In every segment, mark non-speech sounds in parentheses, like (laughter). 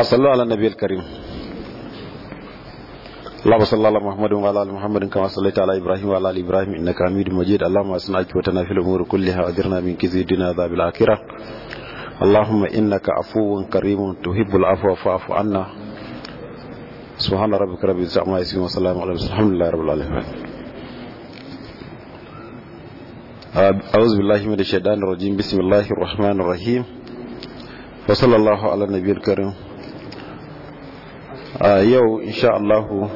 صلوا على النبي الكريم اللهم صل على محمد وعلى ال محمد كما صليت على ابراهيم وعلى ال ابراهيم انك حميد مجيد اللهم اصنع عقبتنا في الامور كلها واجرنا من كيد الدنيا وعذاب الاخره اللهم انك عفو كريم تحب العفو فاعف عنا سبحان ربك رب العزه عما يصفون وسلام على المرسلين الحمد لله رب العالمين أعوذ بالله من الشيطان الرجيم بسم الله الرحمن الرحيم وصلى الله على النبي الكريم yau insha Allahu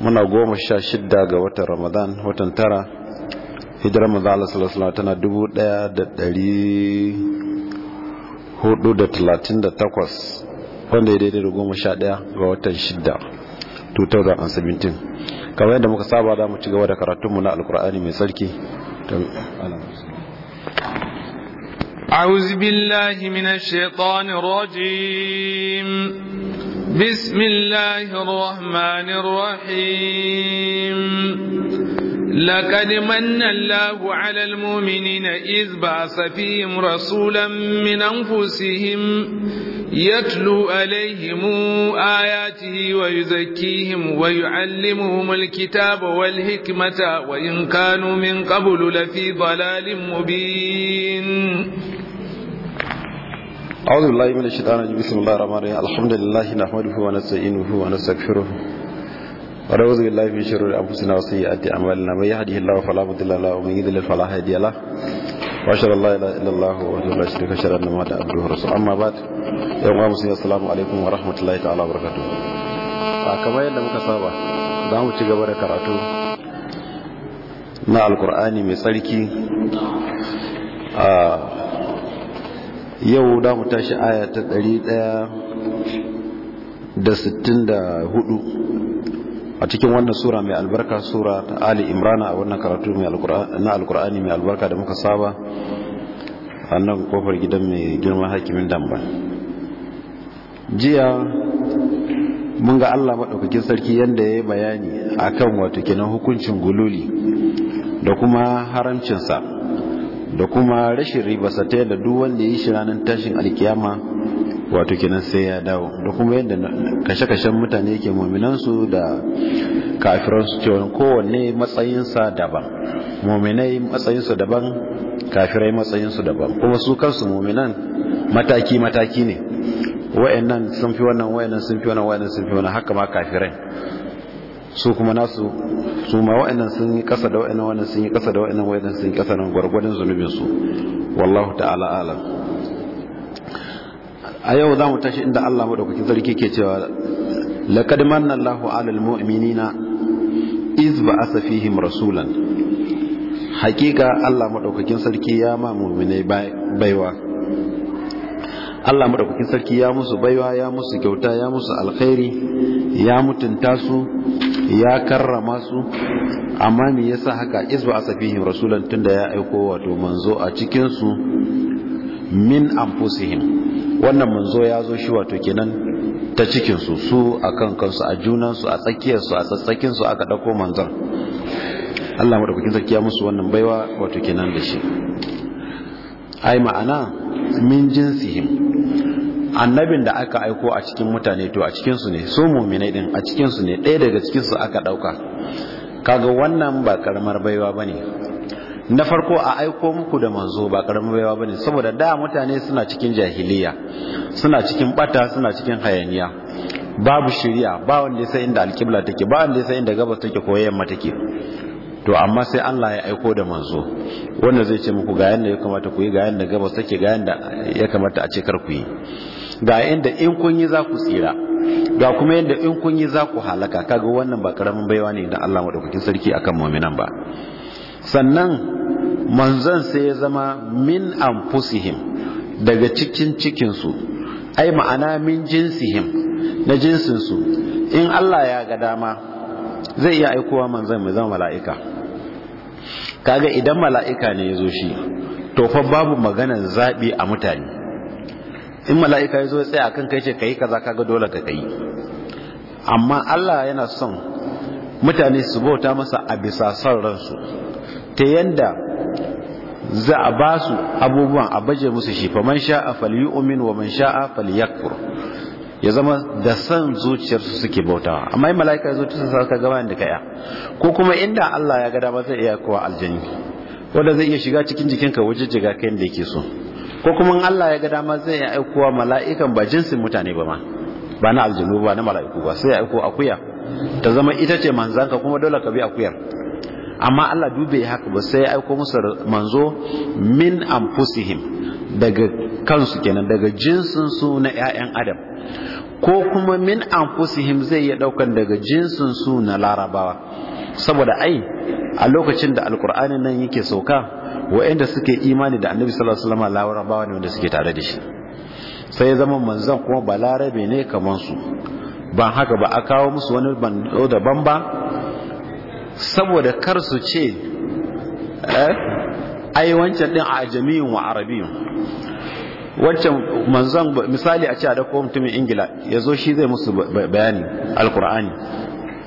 muna goma sha shidda ga watan ramadan watan tara hijirar maza Allah sallallahu tana dubu daya da dari hudu da talatin da takwas wanda ya daidai da goma sha daya ga watan shidda 2017 kawai yadda muka saba da mu ci gaba da karatunmu na alkur'ani mai tsarki أعوذ بالله من الشيطان الرجيم بسم الله الرحمن الرحيم لقد من الله على المؤمنين إذ بعث فيهم رسولا من أنفسهم يتلو عليهم آياته ويزكيهم ويعلمهم الكتاب والحكمة وإن كانوا من قبل لفي ضلال مبين أعوذ بالله من الشيطان الرجيم بسم الله الرحمن الرحيم الحمد لله نحمده ونستعينه ونستغفره ونعوذ بالله من شرور أنفسنا وسيئات أعمالنا من يهده الله فلا مضل له ومن يضلل فلا هادي له وأشهد أن لا إله إلا الله وحده لا شريك له أشهد أن محمدا عبده ورسوله أما بعد يوم أمس السلام عليكم ورحمة الله تعالى وبركاته كما yadda muka saba za mu ci gaba da karatu na alkur'ani mai tsarki yau da mu tashi aya ta 164 a cikin wannan sura mai albarka sura ta ali imrana a wannan karatu na alkur'ani mai albarka da muka saba a nan kofar gidan mai girman hakimin damba jiya mun ga allah maɗaukakin sarki yadda ya yi bayani akan wato kenan hukuncin gululi da kuma haramcinsa da kuma rashin ribarsa ta yadda duk wanda ya yi shi ranar tashin alkiyama wato kenan sai ya dawo da kuma yadda kashe-kashen mutane ke mominansu da kafiransu cewa kowanne matsayinsa daban mominai matsayinsu daban kafirai matsayinsu daban kuma su kansu mominan mataki-mataki ne wa'annan sun fi wannan wa'annan sun fi wannan wa'annan sun fi wannan haka ma kafirai su kuma nasu su ma wa'annan sun yi kasa da wa'annan wannan sun yi kasa da wa'annan wa'annan sun yi kasa da gwargwadon zunubin su wallahu ta'ala alam a yau za mu tashi inda Allah madaukakin sarki ke cewa laqad manna Allahu 'alal mu'minina iz ba'atha fihim rasulan hakika Allah madaukakin sarki ya ma mu'minai baiwa Allah madaukakin sarki ya musu baiwa ya musu kyauta ya musu alkhairi ya mutunta su ya karrama su amma me yasa haka isba asafihim rasulan tunda ya aiko wato manzo a cikin su min anfusihim wannan manzo ya zo shi wato kenan ta cikin su su akan kansu a junan su a tsakiyar su a tsatsakin su aka dauko manzon Allah madaukakin sarki ya musu wannan baiwa wato kenan da shi ai ma'ana min jinsihim annabin da aka aiko a cikin mutane to a cikinsu ne su muminai din a cikinsu ne ɗaya daga cikinsu aka ɗauka kaga wannan ba karamar baiwa ba ne na farko a aiko muku da manzo ba karamar baiwa ba ne saboda da mutane suna cikin jahiliya suna cikin bata suna cikin hayaniya babu shirya ba wanda ya inda alkibla take ba wanda ya inda gabas take ko yamma take to amma sai Allah ya aiko da manzo wanda zai ce muku ga yanda ya kamata ku yi ga yanda gabas take ga yanda ya kamata a ce kar ku yi ga yadda in kun yi za ku tsira ga kuma yadda in kun yi za ku halaka kaga wannan ba karamin baiwa ne idan Allah madaukakin sarki akan mu'minan ba sannan manzon sai ya zama min anfusihim daga cikin cikin su ai ma'ana min jinsihim na jinsin su in Allah ya ga dama zai iya aikowa manzon mai zama mala'ika kaga idan mala'ika ne ya zo shi to babu maganar zaɓi a mutane in mala'ika ya zo ya a kan kai ce yi kaza kaga dole ka kai amma Allah yana son mutane su bauta masa a bisa son ransu ta yanda za a ba su abubuwan a baje musu shi fa man sha'a falyu'min wa man sha'a falyakfur ya zama da san zuciyarsu suke bautawa amma in mala'ika ya zo ta sa ka gaba ka kaya ko kuma inda Allah ya ga dama zai iya kowa aljani wanda zai iya shiga cikin jikinka wajen jiga kai da yake so ko kuma Allah ya ga dama zai ya aikowa mala'ikan ba jinsin mutane ba ma ba na aljinu ba na mala'iku ba sai ya aiko akuya ta zama ita ce manzanka kuma dole ka bi akuyar amma Allah dube haka ba sai ya aiko musu manzo min anfusihim daga kansu kenan daga jinsin su na ƴaƴan adam ko kuma min anfusihim zai iya daukan daga jinsin su na larabawa saboda ai a lokacin da alkur'ani nan yake sauka wa'anda suke imani da annabi sallallahu alaihi wasallam larabawa ne wanda suke tare da shi sai ya zama manzon kuma balarabe ne kaman su ba haka ba a kawo musu wani bando daban ba saboda kar su ce eh ai wancan din a ajamiyin wa arabiyin wancan manzon misali a ce a dako mutumin ingila ya zo shi zai musu bayani alkur'ani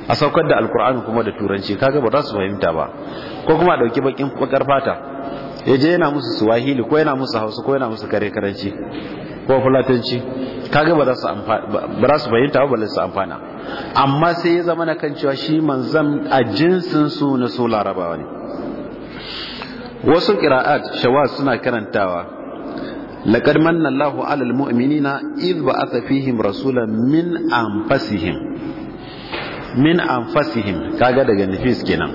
a saukar da alkur'ani kuma da turanci kaga ba za su fahimta ba ko kuma dauki bakin bakar fata ya je yana musu suwahili ko yana musu hausa ko yana musu kare karanci ko fulatanci kaga ba za su fahimta ba balle su amfana amma sai ya zama na kan cewa shi manzan a jinsin su na su larabawa ne wasu qira'at shawa suna karantawa لقد من الله على المؤمنين إذ بعث فيهم rasulan min أنفسهم min anfasihim kaga daga nifis kenan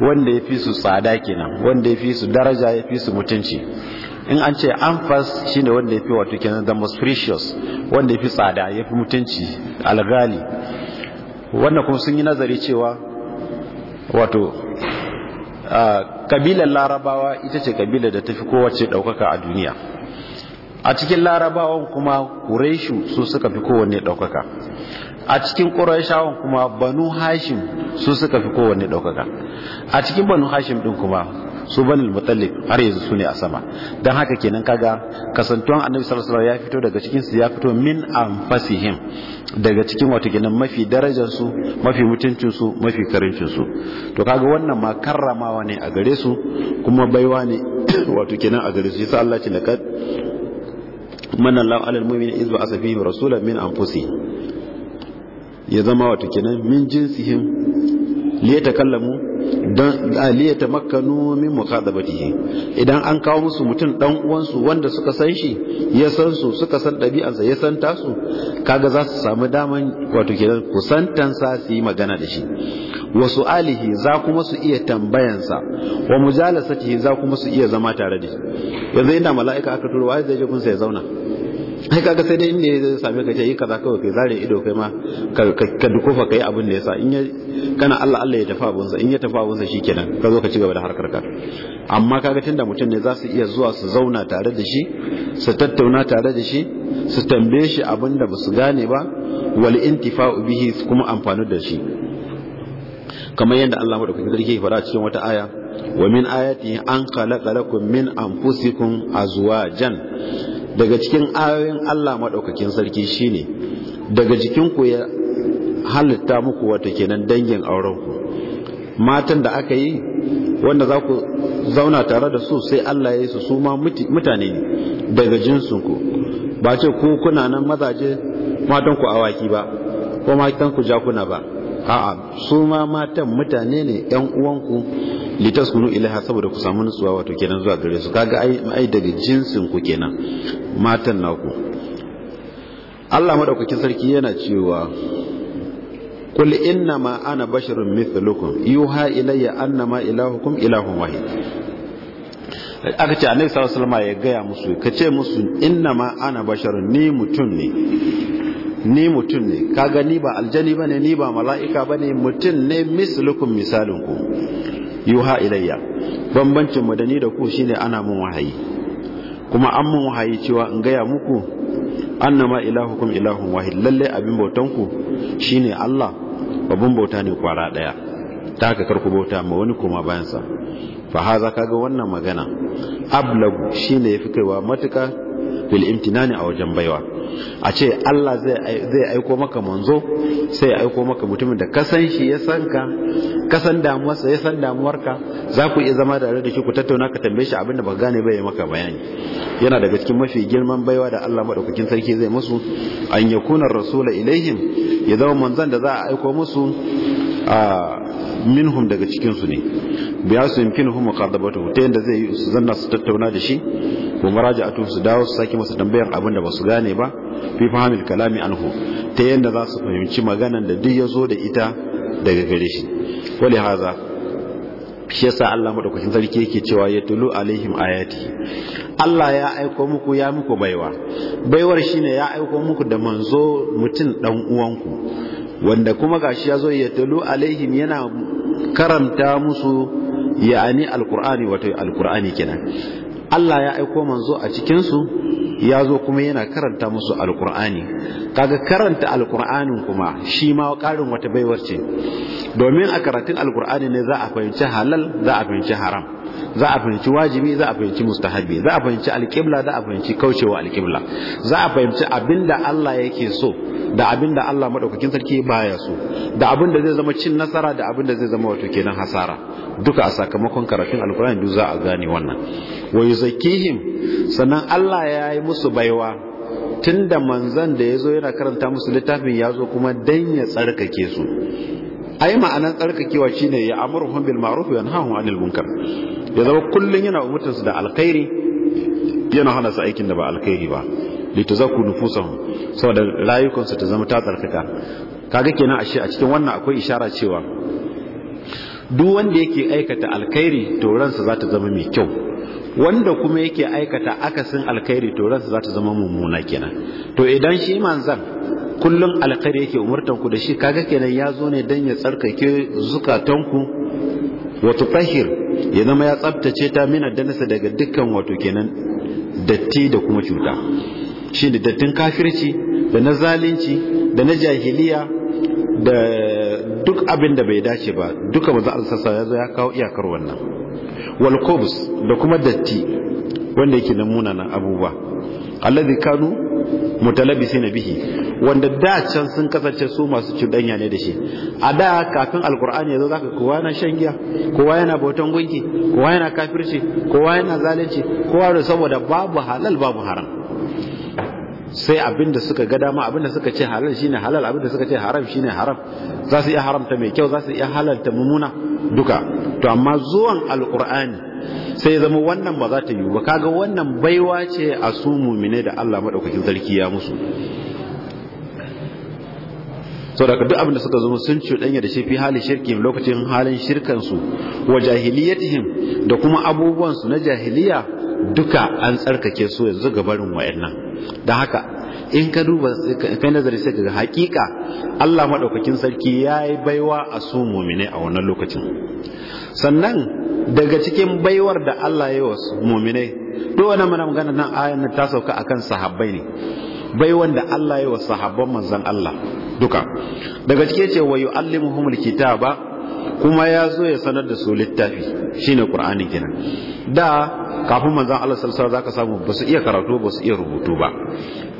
wanda ya fi su tsada kenan wanda ya fi su daraja ya fi su mutunci in an ce anfas shine wanda ya fi wato kenan the most precious wanda ya fi tsada ya fi mutunci algali wannan kuma sun yi nazari cewa wato kabilar larabawa ita ce kabilar da ta fi kowace ɗaukaka a duniya a cikin larabawan kuma kureshu su suka fi kowanne ɗaukaka a cikin qurayshawan kuma banu hashim su suka fi kowanne ɗaukaka a cikin banu hashim ɗin kuma su banul mutallib har yanzu su ne a sama don haka kenan kaga kasantuwan annabi sarasarar ya fito daga cikin su ya fito min anfasihim daga cikin wata kenan mafi darajarsu mafi mutuncinsu mafi karincinsu to kaga wannan ma karramawa ne a gare su kuma baiwa ne (coughs) wato kenan a gare su yasa Allah ce laqad manallahu alal mu'minina iz ba'atha fihim rasulan min anfusihim ya zama wata kenan min jinsihim liyata kallamu don aliyata makkanu min mukhadabatihim idan an kawo musu mutum dan uwansu wanda suka san shi ya san su suka san sa ya san tasu kaga za su samu daman wato kenan kusantansa su yi magana da shi wa su'alihi za kuma su iya tambayansa wa mujalasatihi za kuma su iya zama tare da shi yanzu ina mala'ika aka turo wai zai je kun sai zauna ai kaga sai dai inda ya same ka ce yi kaza kawai kai zare ido kai ma ka dukofa kai abin da yasa in ya kana Allah Allah ya tafi abunsa in ya tafi abunsa shikenan ka zo ka ci gaba da harkar ka amma kaga tunda mutum ne za su iya zuwa su zauna tare da shi su tattauna tare da shi su tambaye shi abin da basu gane ba wal intifa'u bihi kuma amfanu da shi kamar yadda Allah madaukakin sarki ya faɗa cikin wata aya wa min ayatihi an khalaqa lakum min anfusikum azwajan daga cikin ayoyin Allah maɗaukakin sarki shine daga jikinku ya halitta muku wata kenan dangin auren ku matan da aka yi wanda za ku zauna tare da su sai Allah ya yi su su mutane ne daga jinsinku ba ce ku kuna nan mazaje matanku awaki ba ko matanku jakuna ba a'a su ma matan mutane ne yan uwanku kunu ilaiha saboda ku samu nutsuwa wato kenan zuwa gare su kaga ai ai daga jinsin ku kenan matan naku Allah madaukakin sarki yana cewa inna ma ana basharun mithlukum yuha ilayya annama ilahukum ilahun wahid aka ce annabi sallallahu alaihi wasallam ya gaya musu ka ce musu inna ma ana basharun ni mutum ne ni mutum ne kaga ni ba aljani bane ni ba mala'ika bane mutum ne mislukum misalin ku yuha ilayya bambancin mu da ni da ku shine ana mun wahayi kuma an mun wahayi cewa in gaya muku annama ilahukum ilahun wahid lalle abin bautan ku shine Allah babban bauta ne kwara daya ta ka karku bauta ma wani kuma bayansa fa haza ga wannan magana ablagu shine yafi kaiwa matuka bil imtinani a wajen baiwa a ce Allah zai aiko maka manzo sai aiko maka mutumin da kasan shi ya san ka kasan damuwarsa ya san damuwarka za ku iya zama da da shi ku tattauna ka tambaye shi abinda ba gane ba maka bayani yana daga cikin mafi girman baiwa da Allah madaukakin sarki zai musu an yakuna rasula ilaihim ya zama manzon da za a aiko musu A minhum daga cikinsu ne ya su yamkin hu muqaddabatu ta yanda zai su zanna su tattauna da shi wa muraja'atu su dawo su saki masa tambayar abin da su gane ba fi fahimil kalami anhu ta yadda za su fahimci maganan da duk yazo da ita daga gare shi wali haza shi yasa Allah madaukakin sarki yake cewa ya tulu alaihim ayati Allah ya aiko muku ya muku baiwa baiwar shine ya aiko muku da manzo mutum dan uwanku wanda kuma gashi ya zo ya talu alaihim yana karanta musu ya'ani alkur'ani wato alkur'ani kenan Allah ya aiko manzo a cikinsu ya zo kuma yana karanta musu alkur'ani kaga karanta alkur'anin kuma shi ma karin wata baiwar ce domin a karatun alkur'ani ne za a fahimci halal za a fahimci haram za a fahimci wajibi za a fahimci mustahabi za a fahimci alƙibla za a fahimci kaucewa alƙibla za a fahimci abinda Allah yake so da abinda Allah madaukakin sarki baya so da abinda zai zama cin nasara da abinda zai zama wato kenan hasara duka a sakamakon karatun alkur'ani duk za a gane wannan wa yuzakkihim sannan Allah ya yi musu baiwa tunda manzon da ya zo yana karanta musu littafin ya zo kuma dan ya tsarkake su ai ma'anan tsarkakewa shine ya amuruhum bil ma'ruf wa yanhahum 'anil munkar ya zama kullun yana umurtar su da alkhairi yana hana su aikin da ba alkhairi ba litazaku nufusahum saboda rayukan su ta zama ta tsarkaka kaga kenan ashe a cikin wannan akwai ishara cewa duk wanda yake aikata alkhairi to ransa za ta zama mai kyau wanda kuma yake aikata akasin alkhairi to ransa za ta zama mummuna kenan to idan shi manzan kullum alkhairi yake umurtan ku da shi kaga kenan ya zo ne dan ya tsarkake zukatanku wato tahir ya zama ya tsabtace ta mina danasa daga dukkan wato kenan datti da kuma cuta shi da dattin kafirci da na zalunci da na jahiliya da duk abin da bai dace ba duka maza an ya zo ya kawo iyakar wannan wal kobus da kuma datti wanda yake na munanan abubuwa alladhi kanu na bihi wanda da can sun kasance su masu cuɗanya ne da shi a da kafin alkur'ani yanzu zaka kowa yana shan giya kowa yana bautan gunki kowa yana kafirci kowa yana zalunci kowa da saboda babu halal babu haram sai abinda suka ga dama abinda suka ce halal shine halal abinda suka ce haram shine haram za su iya haramta mai kyau za su iya halalta mumuna duka to amma zuwan alkur'ani sai ya zama wannan ba za ta yiwu ba kaga wannan baiwa ce a su mumine da Allah madaukakin sarki ya musu to daga duk abin da suka zo sun cuɗanya da shi fi halin shirki lokacin halin shirkan su wa jahiliyatihim da kuma abubuwansu na jahiliya duka an tsarkake su yanzu ga barin wayannan dan haka in ka duba kai nazari sai ga hakika Allah madaukakin sarki yayi baiwa a su mu'mine a wannan lokacin sannan daga cikin baiwar da Allah ya yi wa mu'mine to wannan mana magana nan ayan ta sauka akan sahabbai ne bai wanda Allah ya wa sahabban manzan Allah duka daga cike ce wa yu'allimuhumul kitaba kuma ya zo ya sanar da su littafi Shi ne qur'ani kenan da kafin manzon Allah sallallahu alaihi wasallam zaka samu ba su iya karatu ba su iya rubutu ba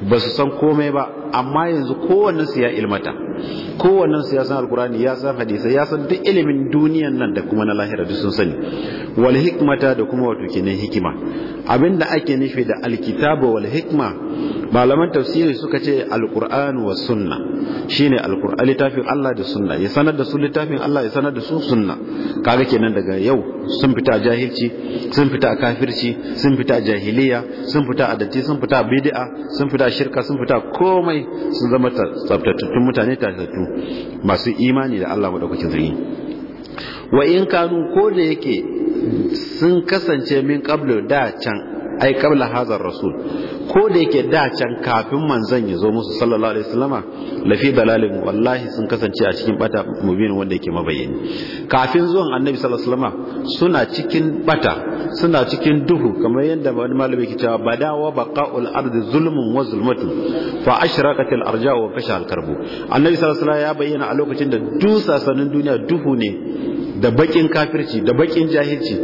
ba su san komai ba amma yanzu kowannen su ya ilmata kowannen su ya san alkurani ya san hadisai ya san duk ilimin duniyan nan da kuma na lahira duk sun sani wal hikmata da kuma wato kenan hikima abinda ake nufi da alkitabu wal hikma malaman tafsiri suka ce alquran wa sunna shine alquran littafin Allah da sunna ya sanar da su littafin Allah ya sanar da su sunna kaga kenan daga yau sun fita jahilci sun fita kafirci sun fita jahiliya sun fita adatti sun fita bid'a sun fita shirka sun fita komai sun zama tsabtattun mutane tattattu masu imani da Allah madaukakin sarki wa in kanu ko da yake sun kasance min ƙablo da can ai kabla hazar rasul ko da yake da can kafin manzon ya zo musu sallallahu alaihi wasallama lafi dalalin wallahi sun kasance a cikin bata mubin wanda yake mabayyani kafin zuwan annabi sallallahu alaihi wasallama suna cikin bata suna cikin duhu kamar yadda wani malami yake cewa badawa baqaul ardi zulmun wa zulmatu fa ashraqat al arja wa kasha al karbu annabi sallallahu alaihi wasallama ya bayyana a lokacin da sanin duniya duhu ne da bakin kafirci da bakin jahilci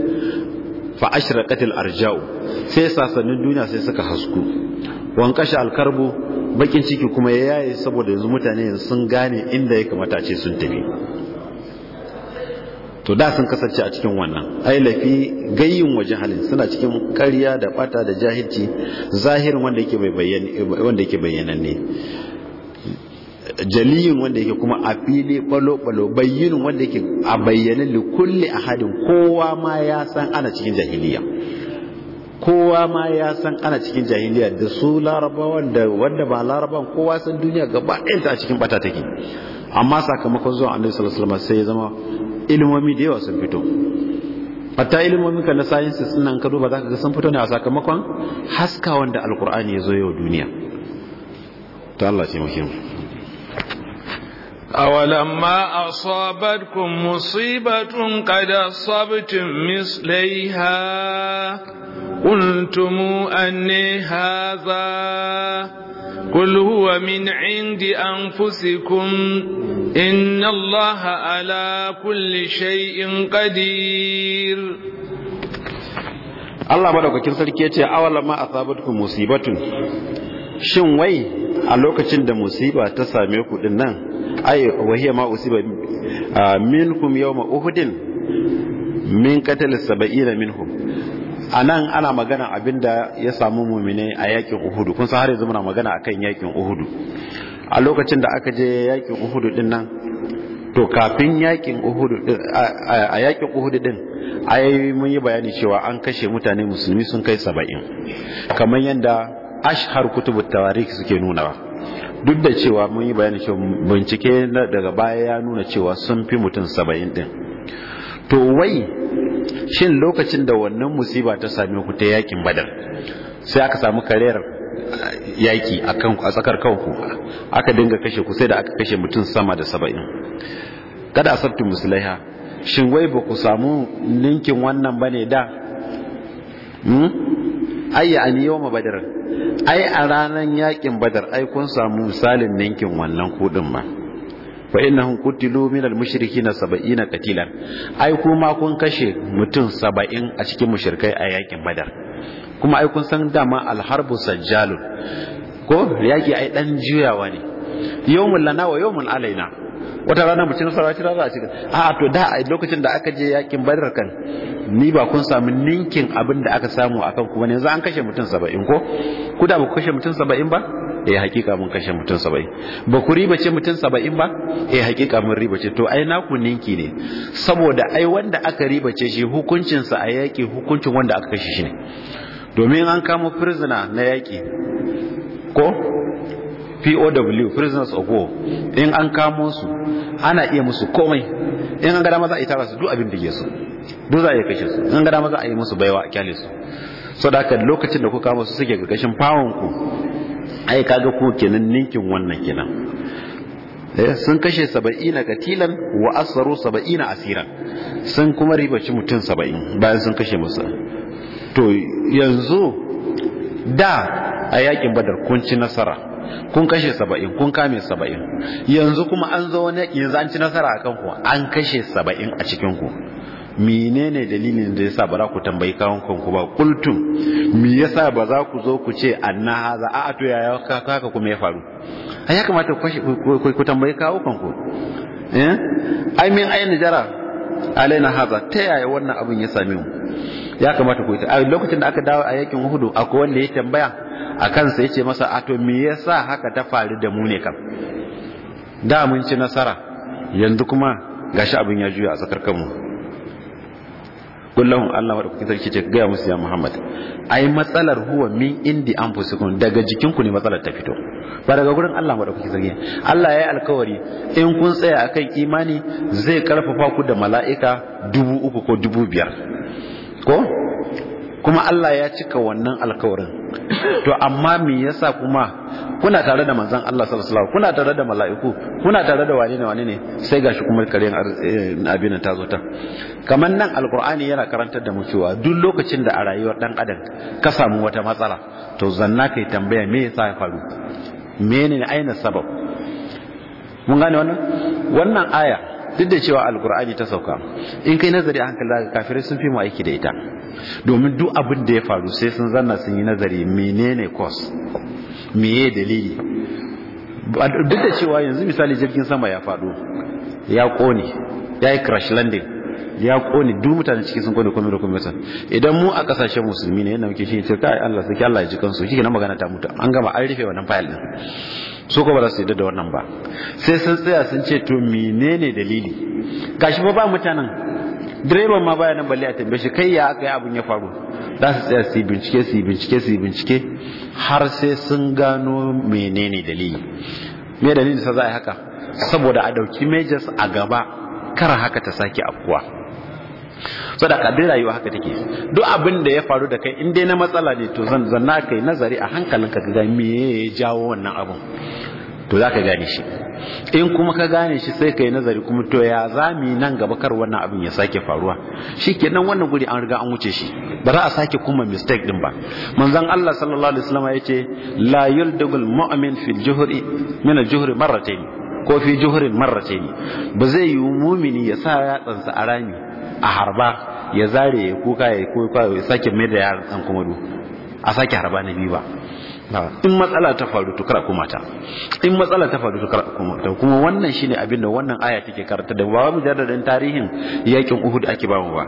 fa ashraqatil arja'u sai sasannin duniya sai suka hasku kashe alkarbu bakin ciki kuma ya yaye saboda yanzu mutane sun gane inda ya kamata ce sun tafi to da sun kasance a cikin wannan ai lafi gayyin wajen halin suna cikin karya da bata da jahilci zahirin wanda yake bayyana wanda yake bayyananne jaliyin wanda yake kuma a fili balo-balo bayyinin wanda yake a da kulle a hadin kowa ma ya san ana cikin jahiliya kowa ma ya san ana cikin jahiliya da su larabawan da wanda ba larabawan kowa san duniya gaba ɗaya ta cikin bata take amma sakamakon zuwa annabi sallallahu alaihi wasallam sai ya zama ilimomi da yawa sun fito hatta ilimomin ka na sciences din nan ka duba zaka ga sun fito ne a sakamakon haska wanda alqur'ani ya zo yau duniya ta Allah ce muhimmi أولما أصابتكم مصيبة قد أصبتم مثليها قلتم أني هذا قل هو من عند أنفسكم إن الله على كل شيء قدير Allah madaukakin sarki ya ce awala ma asabatkum musibatun shin wai a lokacin da musiba ta same ku din nan ai wahiya ma usiba minkum yawma uhudin min qatal sab'ina minhum anan ana magana abinda ya samu mumine a yakin uhudu kun san har yanzu muna magana akan yakin uhudu a lokacin da aka je yakin uhudu din nan to kafin yakin uhudu a yakin uhudu din ayi mun yi bayani cewa an kashe mutane musulmi sun kai 70 kamar yanda ashhar kutubu tawarikh suke ba duk da cewa mun yi bayani cewa bincike daga baya ya nuna cewa sun fi mutum saba'in din to wai shin lokacin da wannan musiba ta same ku ta yakin badar sai aka samu kariyar ah, yaki a a tsakar kanku aka dinga kashe ku sai da aka kashe mutum sama da saba'in kada a sabtun musulaiha shin wai ba ku samu ninkin wannan bane ne da hmm? ai ani yawma badar ai a ranan yakin badar ai kun samu misalin ninkin wannan kudin ma fa innahum qutilu min al-mushrikeena 70 katilan ai kuma kun kashe mutum 70 a cikin mushrikai a yakin badar kuma ai kun san dama al-harbu sajjalun ko yaki ai dan juyawa ne yawmul lana wa yawmul alaina wata rana mutum nasara kira za a shiga a to da a lokacin da aka je yakin badar kan ni ba kun samu ninkin abin da aka samu a kan kuma yanzu an kashe mutum saba'in ko ku da ba ku kashe mutum saba'in ba eh hakika mun kashe mutum saba'in ba ku riba ce mutum saba'in ba eh hakika mun riba ce to ai naku ninki ne saboda ai wanda aka riba ce shi hukuncinsa a yaƙi hukuncin wanda aka kashe shi ne domin an kamo prisoner na yaƙi ko POW prisoners of war in an kamo su ana iya musu komai in an gada maza a yi tara su duk abin da ke su duk za a yi kashe su in gada maza a yi musu baiwa a kyale su so da haka lokacin da ku kamo su suke kashin pawon ku ai kaga ku kenan ninkin wannan kenan eh, sun kashe saba'ina katilan wa asaru saba'ina asiran sun kuma ribaci mutum saba'in bayan sun kashe musu to yanzu da a yakin badar kun ci nasara kun kashe saba'in kun kame saba'in yanzu kuma an zo wani yanzu an ci nasara a kanku an kashe saba'in a cikinku menene dalilin da yasa ba za ku tambayi kawon kanku ba kultum me yasa ba za ku zo ku ce anna haza a'a to yaya kaka kuma ya faru ai ya kamata ku ku tambayi kawon kanku eh ai min ayyana jara alaina haza ta yaya wannan abin ya same mu ya kamata ku yi ta a lokacin da aka dawo a yakin Uhud akwai wanda ya tambaya a kansa ya ce masa a to me yasa haka ta faru da mu ne kam da mun ci nasara yanzu kuma gashi abin ya juya a tsakar kanmu kullum Allah wadda kuke sarki ce gaya musu ya Muhammad ai matsalar huwa min indi fusukun daga jikinku ne matsalar ta fito ba daga gurin Allah wadda kuke sarki Allah ya yi alkawari in kun tsaya akan imani zai karfafa ku da mala'ika dubu uku ko dubu biyar ko kuma Allah ya cika wannan alkawarin to amma me yasa kuma kuna tare da manzon Allah sallallahu alaihi wasallam kuna tare da mala'iku kuna tare da wani ne wani ne sai gashi kuma karen eh, abin ta zo ta kamar nan alqur'ani yana karantar da mu cewa duk lokacin da a rayuwar dan adam ka samu wata matsala to zanna kai tambaya me yasa ya faru menene aina sabab mun gane wannan wannan aya duk da cewa alqur'ani ta sauka in kai nazari a hankali kafirai sun fi mu aiki da ita domin duk abin da ya faru sai sun zanna sun yi nazari menene kos meye dalili duk da cewa yanzu misali jirgin sama ya faɗo ya kone ya yi crash landing ya kone duk mutane cikin sun kone kome da idan mu a kasashen musulmi ne yadda muke shi ce kai Allah sai Allah ya ji kansu shi na magana ta mutu an gama an rufe wannan fayil din su ko ba za su yi da wannan ba sai sun tsaya sun ce to menene dalili gashi ba ba mutanen direban ma baya nan balle a tambaye shi kai ya aka yi abin ya faru za su tsaya su yi bincike su yi bincike su yi bincike har sai sun gano menene dalili me dalili sa za a yi haka saboda a dauki majors a gaba kar haka ta sake afkuwa sadaka dai rayuwa haka take duk abin da ya faru da kai in dai na matsala ne to zan zanna kai nazari a hankalinka ka ga me ya jawo wannan abun to za gane shi in kuma ka gane shi sai kai nazari kuma to ya zami nan gaba kar wannan abin ya sake faruwa shi kenan wannan guri an riga an wuce shi ba za a sake kuma mistake din ba manzon Allah sallallahu alaihi wasallam ya ce la yuldugul mu'min fil juhri min al juhri marratayn ko fi juhrin marratayn ba zai yi mumini ya sa tsansa a rami a harba ya zare ya kuka ya kuka ya sake mai da yaran dan kuma do a sake harba na biyu ba in matsala ta faru to kar kuma ta in matsala ta faru to kar kuma ta kuma wannan shine abin da wannan aya take karanta da ba mu tarihin yakin Uhud ake ba mu ba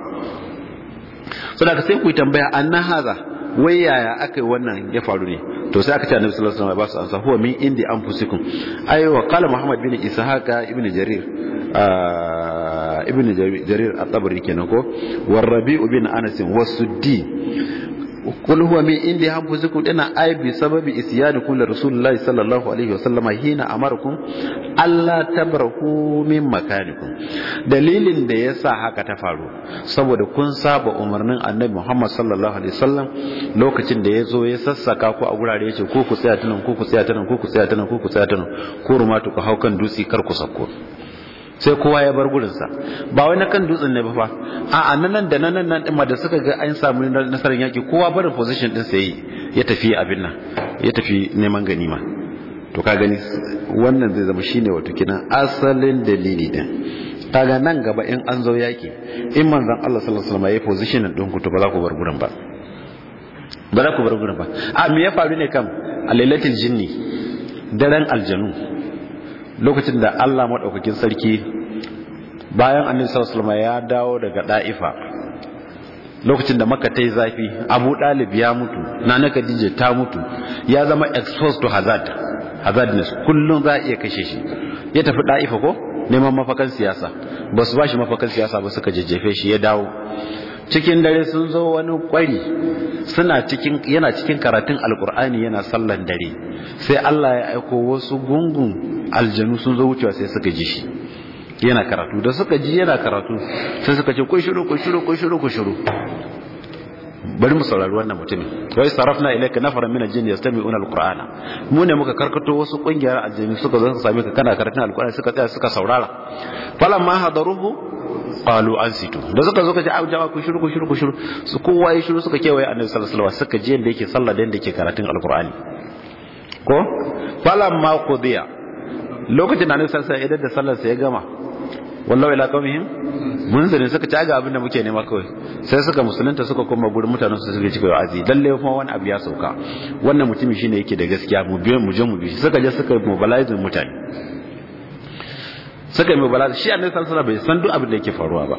saboda sai ku tambaya anna haza wai yaya aka yi wannan ya faru ne to sai aka ce annabi sallallahu alaihi wasallam ba su ansa huwa min indi anfusikum aywa qala muhammad bin ishaqa ibnu jarir ibnu jarir at-tabari kenan ko war rabi'u bin anas wasuddi kul huwa min indi hanfusikum dina ay bi sababi isyanikum li rasulillahi sallallahu alaihi wasallam hina amarkum alla tabrahu min makanikum dalilin da yasa haka ta faru saboda kun saba umarnin annabi Muhammad sallallahu alaihi wasallam lokacin da yazo ya sassaka ku a gurare yace ku ku tsaya tunan ku ku tsaya tunan ku ku tsaya tunan ku ku tsaya tunan ko rumatu ku haukan dusi kar ku sako sai kowa ya bar gurinsa ba wai na kan dutsen ne ba fa a nan da nan nan din ma da suka ga an samu nasarar yaki kowa barin position din sai ya tafi abin nan ya tafi neman ganima to ka gani wannan zai zama shine wato kina asalin dalili din kaga nan gaba in an zo yaki in manzon Allah sallallahu alaihi wasallam ya position din ku to ba za ku bar gurin ba ba za ku bar gurin ba a me ya faru ne kam a jinni daren aljanu lokacin da Allah maɗaukakin sarki bayan annin sallallahu ya dawo daga ɗa'ifa lokacin da maka ta yi zafi abu ɗalib ya mutu na na khadija ta mutu ya zama exposed to hazard hazardness kullum za a iya kashe shi ya tafi ɗa'ifa ko neman mafakan siyasa ba su ba shi mafakan siyasa ba suka jajjefe shi ya dawo cikin dare sun zo wani kwari suna cikin yana cikin karatun alkur'ani yana sallan dare sai Allah ya aiko wasu gungun aljanu sun zo wucewa sai suka ji shi yana karatu da suka ji yana karatu sai suka ce ku shiru ku shiru ku shiru ku shiru bari mu saurari wannan mutumin wai sarafna ilayka nafaran min al-jinn yastami'una al-qur'ana mu ne muka karkato wasu kungiyar aljanu suka zo suka same ka kana karatun alkur'ani suka tsaya suka saurara falamma hadaruhu qalu ansitu da suka zo kaje abu jama'a ku shiru ku shiru ku shiru su kowa ya shiru suka kewaye annabi sallallahu alaihi wasallam suka je inda yake sallah da inda yake karatun alqur'ani ko ma qudiya lokacin annabi sallallahu alaihi wasallam ya da sallar sa ya gama wallahi ila qaumihim munzirin suka ci ga abin da muke nema kawai sai suka musulunta suka koma gurin mutanen su suka ci kawai azi lalle kuma wani abu ya sauka wannan mutumin shine yake da gaskiya mu biyo mu je mu bi suka je suka mobilize mutane suka yi bala shi annabi sallallahu alaihi bai san duk abin da yake faruwa ba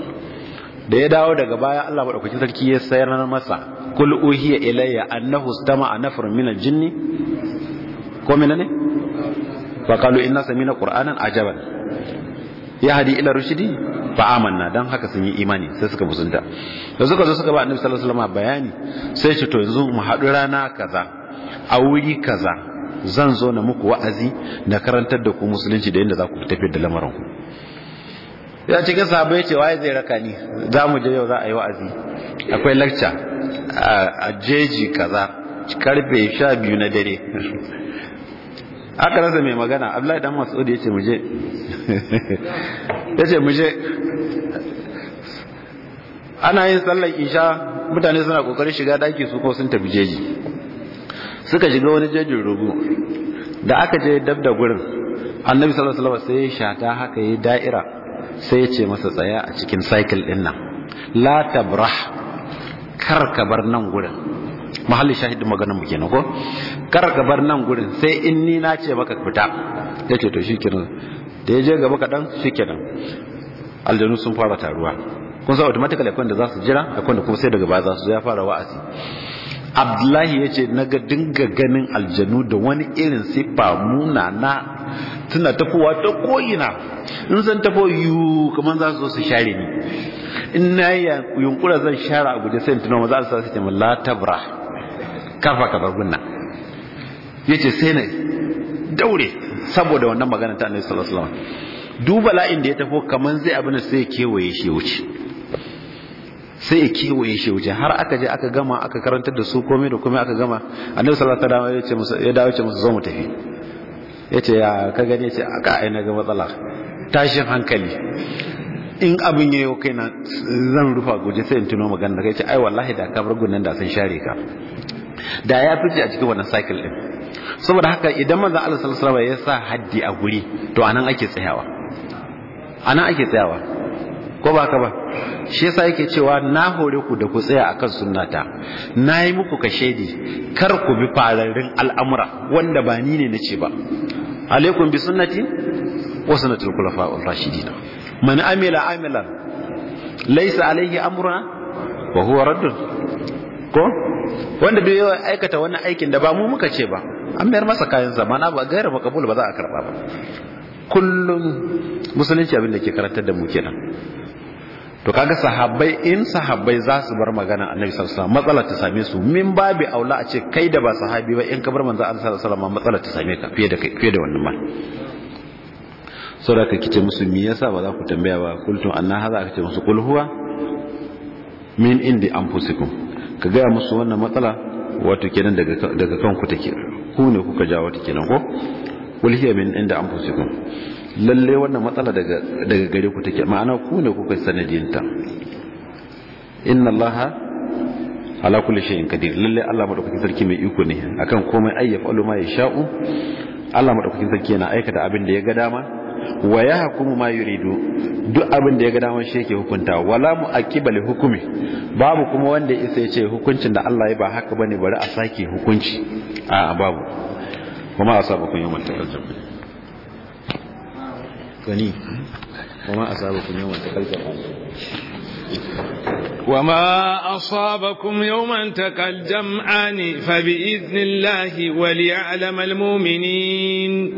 da ya dawo daga baya Allah madaukakin sarki ya sayar masa kul uhiya ilayya annahu istama'a nafarun min al-jinni ko mina ne fa qalu inna samina qur'anan ajaban hadi ila rushidi fa amanna dan haka sun yi imani sai suka musunta da suka zo suka ba annabi sallallahu alaihi wasallam bayani sai shi to yanzu mu haɗu rana kaza a wuri kaza zan zo na muku wa'azi na karantar da ku musulunci da yadda za ku tafi da lamarin ku ya cikin sabo ya ce waye zai raka ni za mu je yau za a yi wa'azi akwai lakca a jeji kaza karfe sha biyu na dare aka rasa mai magana abdullahi dan mas'ud ya ce mu je (laughs) ya ce mu je ana yin sallar isha mutane suna kokarin shiga daki su ko sun tafi jeji suka shiga wani jejin rugu da aka je dab da gurin annabi sallallahu alaihi wasallam sai ya shata haka yi da'ira sai ya ce masa tsaya a cikin cycle din nan la tabrah kar ka bar nan gurin mahalli shahid maganar mu kenan ko kar ka bar nan gurin sai in ni na ce maka fita yace to shikenan da ya je gaba kadan shikenan aljanu sun fara taruwa kun san automatically akwai da za su jira akwai da kuma sai daga ba za su ya fara wa'azi abdullahi ya ce na ga dinga ganin aljanu da wani irin siffa muna na tana tafowa ta koyina in zan tafo yi kamar za su zo su share ni in na yi yunkura zan share a guje sai tunawa za su sa su la tabra kafa ka bar gunna ya ce sai na daure saboda wannan magana ta annabi sallallahu alaihi wasallam duba la'in da ya tafo kamar zai abin da sai kewaye shi wuce sai ya kewaye shi wuce har aka je aka gama aka karantar da su komai da komai aka gama annabi sallallahu alaihi wasallam ya dawo ce musu zo mu tafi yace ya ka gane ce aka aina ga matsala tashin hankali in abin yayo kaina zan rufa goje sai in tuno magana da kai ce ai wallahi da ka bar gunan da sun share ka da ya fice a cikin wannan cycle din saboda haka idan manzo Allah sallallahu alaihi wasallam ya sa haddi a guri to anan ake tsayawa anan ake tsayawa ko ba ka ba shi yasa yake cewa na hore ku da ku tsaya akan sunnata na yi muku kashedi kar ku bi fararin al'amura wanda ba ni ne nace ba alaikum bi sunnati wa sunnatul ar rashidin man amila amalan laysa alayhi amra wa huwa radd ko wanda bai aikata wani aikin da ba mu muka ce ba an mayar masa kayan zamana ba gairar makabul ba za a karba ba kullum musulunci abin da ke karantar da mu kenan to kaga sahabbai in sahabbai za su bar magana annabi sallallahu alaihi wasallam matsala ta same su min babi aula a ce kai da ba sahabi ba in ka bar manzo sallallahu alaihi wasallam matsala ta same ka fiye da kai fiye da wannan ma saboda kike musu me yasa ba za ku tambaya ba kultum anna hadha kace musu kul huwa min indi anfusikum ka ga musu wannan matsala wato kenan daga daga kanku take ku ne kuka jawo take nan ko kul hiya min inda anfusikum lalle wannan matsala daga daga gare ku take ma'ana ku ne kuka sanadinta inna allaha ala kulli shay'in qadir lalle Allah madaukakin sarki mai iko ne akan komai ayyaf alu ya yasha'u Allah madaukakin sarki yana aikata abin da ya ga dama wa yahkumu ma yuridu duk abin da ya ga dama shi yake hukunta wala mu'aqiba li hukumi babu kuma wanda ya isa ya ce hukuncin da Allah ya ba haka bane bari a sake hukunci a babu kuma kun yawmal taqal gani kuma asabakum yawma taqal jama'an وما أصابكم يوم التقى الجمعان فبإذن الله وليعلم المؤمنين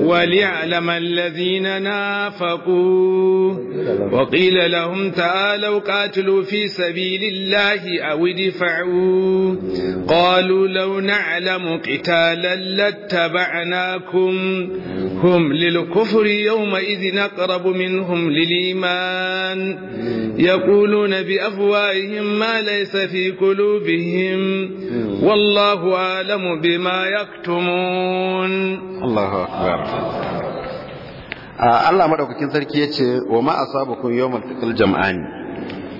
وليعلم الذين نافقوا وقيل لهم تعالوا قاتلوا في سبيل الله أو ادفعوا قالوا لو نعلم قتالا لاتبعناكم هم للكفر يومئذ أقرب منهم للإيمان يقولون بأفواههم ما ليس في قلوبهم والله أعلم بما يكتمون الله أكبر Allah madaukakin sarki ya ce wa ma kun yawmal taqal jam'ani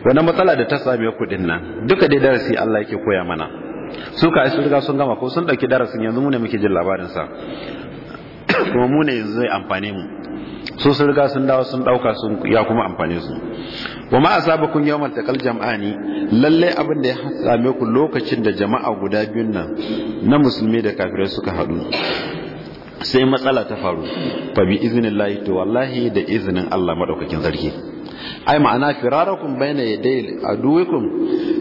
wannan matsala da ta same ku din nan duka dai darasi Allah yake koya mana su ka su riga sun gama ko sun dauki darasin yanzu mu ne muke jin labarin sa kuma mu ne yanzu zai amfane mu su sun riga sun dawo sun dauka sun ya kuma amfane su wa ma asabakum yawmal taqal jam'ani lalle abin da ya same ku lokacin da jama'a guda biyun nan na musulmi da kafirai suka hadu sai matsala ta faru fa bi iznillahi to wallahi da iznin Allah madaukakin sarki ai ma'ana firarakum bayna yaday aduwikum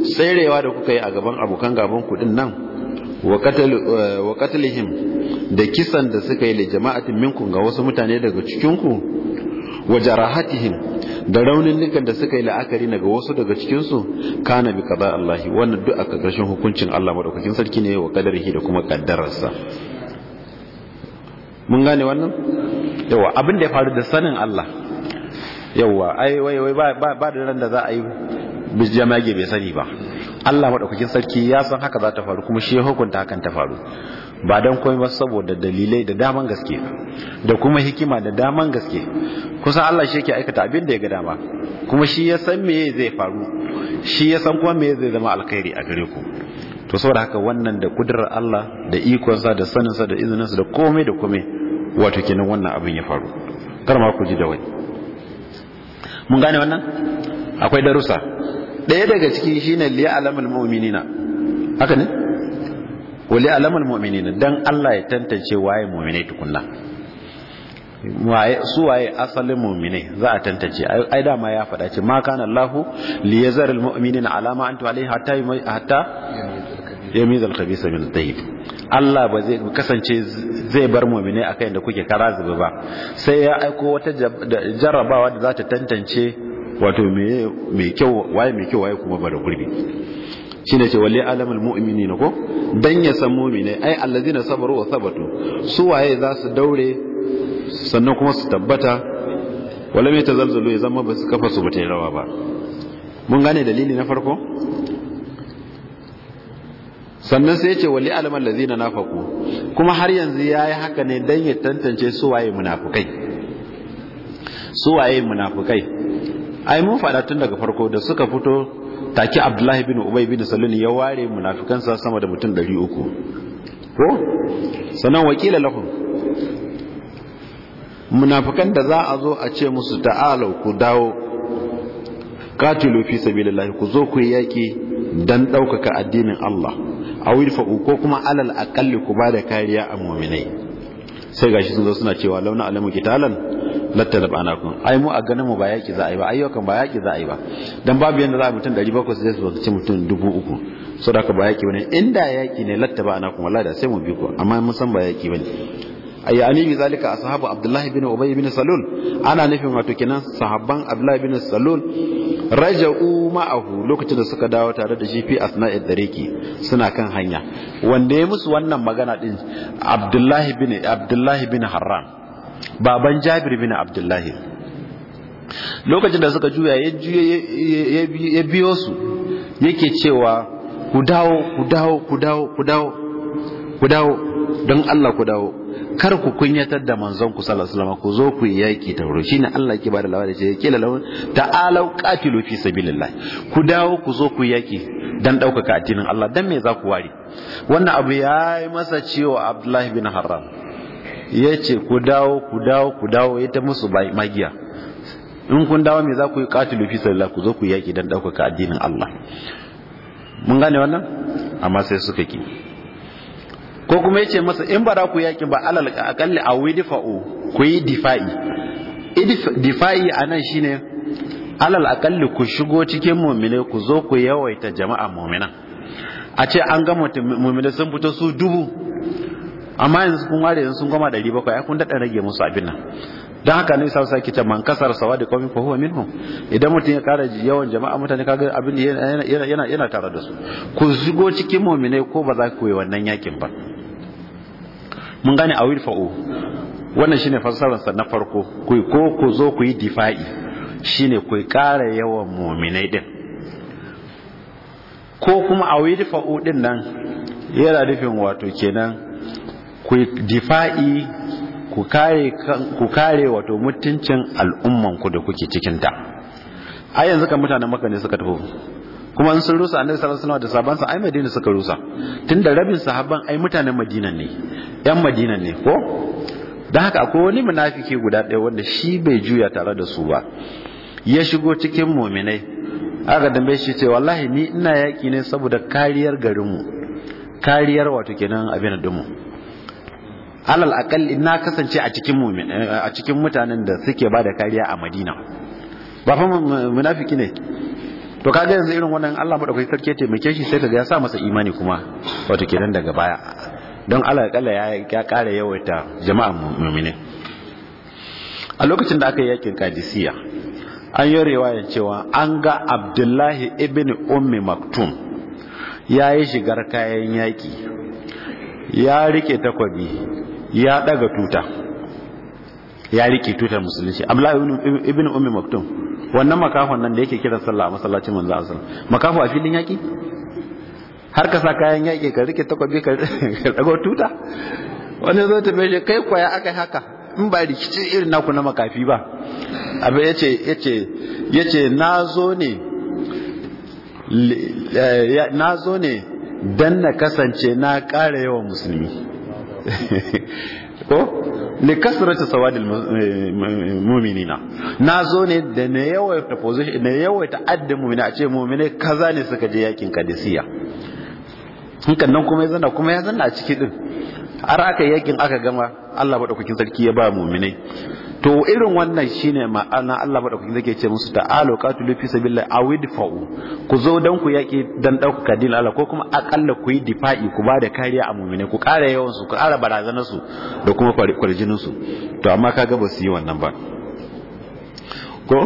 tserewa da kuka yi a gaban abokan gaban ku din nan wa katalihim eh, da kisan da suka yi da jama'atin minkun ga wasu mutane daga cikinku wa jarahatihim da raunin nukan da suka yi la'akari daga wasu daga cikinsu kana bi qada Allah wannan duk a ƙarƙashin hukuncin Allah maɗaukakin sarki ne wa qadarihi da kuma kaddararsa mun gane wannan yawa abin da ya faru da sanin Allah yawa ai wai wai ba da ran da za a yi jamage bai sani ba Allah madaukakin sarki ya san haka za ta faru kuma shi ya hukunta hakan ta faru ba don komai ba saboda dalilai da daman gaske da kuma hikima da daman gaske kusan Allah shi yake aikata abin da ya ga dama kuma shi ya san me zai faru shi ya san kuma me zai zama alkhairi a gare ku to saboda haka wannan da kudurar Allah da ikonsa da saninsa da sa da komai da komai wato kenan wannan abin ya faru kar ma ku ji da wani mun gane wannan akwai darussa ɗaya daga ciki shine li alamul mu'minina haka ne wali alamul mu'minina dan Allah ya tantance waye mu'minai tukunna waye su waye asalin mu'minai za a tantance ai dama ya faɗa ce ma kana Allahu li yazarul mu'minina alama antu alaihi hatta hatta yamizal khabisa min tayyib Allah ba zai kasance zai bar mu'minai akan da kuke kara zuba ba sai ya aiko wata jarrabawa da za ta tantance wato mai kyau waye mai kyau waye kuma da gurbi shi ne ce wale alamul mu'mini na ko dan ya san mu'mini ai allazina sabaru wa sabatu su waye za su daure sannan kuma su tabbata wala mai tazalzalu ya zama ba su kafa su bata rawa ba mun gane dalili na farko sannan sai ya ce wale alamar na nafaku kuma har yanzu ya yi haka ne don ya tantance suwaye munafukai suwaye munafukai ai mun faɗa tun daga farko da suka fito taki abdullahi bin ubay bin salul ya ware sa sama da mutum 300 ko sanan wakila lahum munafikan da za a zo a ce musu ta'alau ku dawo katilu fi sabilillahi ku zo ku yaki dan ɗaukaka addinin Allah aw yirfa'u ko kuma alal aqalli ku bada kariya a mu'minai sai gashi sun zo suna cewa launa alamu kitalan kun ai mu a ganin mu ba yaki za a yi ba ayyukan ba yaki za a yi ba dan babu yanda za a mutum 700 zai zuwa ci mutum 3000 so da ka ba yaki bane inda yaki ne kun wallahi da sai mu bi ku amma mun san ba yaki bane ay ani bi zalika ashabu abdullahi bin ubay bin salul ana nufin wato kenan sahabban abdullahi bin salul raja'u ma'ahu lokacin da suka dawo tare da shi fi asna'i dariki suna kan hanya wanda ya musu wannan magana din abdullahi bin abdullahi bin harram baban jabir bin abdullahi lokacin da suka juya ya biyo su yake cewa ku dawo ku dawo ku dawo ku dawo ku dawo don Allah ku dawo kar ku kunyatar da manzon ku sallallahu alaihi wasallam ku zo ku yaki ta wuri shine Allah yake bada lawa da ce yake lalawa ta'ala qatilu fi sabilillah ku dawo ku zo ku yaki dan daukaka addinin Allah dan me za ku ware wannan abu yayi masa ciwo Abdullahi bin Haram ya ce ku dawo ku dawo ku dawo ya ta musu magiya in kun dawo me za ku yi katilu fi sallah ku zo ku yaƙi don ɗaukaka addinin Allah mun gane wannan amma sai suka ki ko kuma yace masa in ba za ku yaki ba alal akalli a difa'u ku yi difa'i difa'i nan shine alal akalli ku shigo cikin mu'mine ku zo ku yawaita jama'a mu'mina a ce an ga mu'mine sun fito su dubu amma yanzu kun ware yanzu sun goma 700 ai kun daɗa rage musu abin nan don haka ne sau sake ce man kasar sawa da kawai fahuwa minhum idan mutum ya kara yawan jama'a mutane kaga abin yana yana tare da su ku shigo cikin mu'minai ko ba za ku yi wannan yakin ba mun gane a wilfa'u wannan shine sa na farko ku ko ku zo ku yi difa'i shine ku kara yawan mu'minai din ko kuma a wilfa'u din nan yana nufin wato kenan ku difa'i ku kare ku kare wato mutuncin al'umman da kuke cikinta ta yanzu kan mutanen Makka ne suka tafi kuma in sun rusa annabi sallallahu alaihi wasallam da sabansa ai Madina suka rusa tunda rabin sahabban ai mutanen Madina ne yan Madina ne ko dan haka akwai wani munafiki guda ɗaya wanda shi bai juya tare da su ba ya shigo cikin muminai aka dambe shi ce wallahi ni ina yaki ne saboda kariyar garinmu kariyar wato kenan abin da mu. alal aqal na kasance a cikin mu'min a cikin mutanen da suke bada kariya a Madina ba fa munafiki ne to kaga yanzu irin wannan Allah madaukakin sarki ya taimake shi sai kaga ya sa masa imani kuma wato kenan daga baya don Allah kalla ya ya kare yawaita jama'an mu'mini a lokacin da aka yi yakin kadisiya an yi riwaya cewa an ga Abdullahi ibn Ummi Maktum ya yi shigar kayan yaki ya rike takwabi ya daga tuta ya rike tutar musulunci abdullahi ibn ummi maktum wannan makafon nan da yake kiran sallah a masallacin manzo asal makafo a filin yaki har ka sa kayan yaki ka rike takobi ka dago tuta wani zo ta shi kai kwaya aka haka in ba rikici irin naku na makafi ba abu yace yace na zo ne eh, na dan na kasance na ƙara yawan musulmi (laughs) ko li kasratu sawadil eh, mu'minina na zo ne da na yawaita position na yawaita addu mu'mina a ce mu'mine kaza ne suka je yakin kadisiya hakan nan kuma ya zanna kuma ya zanna a ciki din har aka yakin aka gama Allah madaukakin sarki ya ba mu'minai to irin wannan shine ma'ana Allah madaukakin zake ce musu ta'alu qatilu fi sabilillah awid fa'u ku zo dan ku yaki dan dauku kadin Allah ko kuma akalla ku yi difa'i ku ba da kariya a mu'mini ku ƙara yawan su ku ƙara barazanar su da kuma kwarjinin su to amma kaga ba su yi wannan ba ko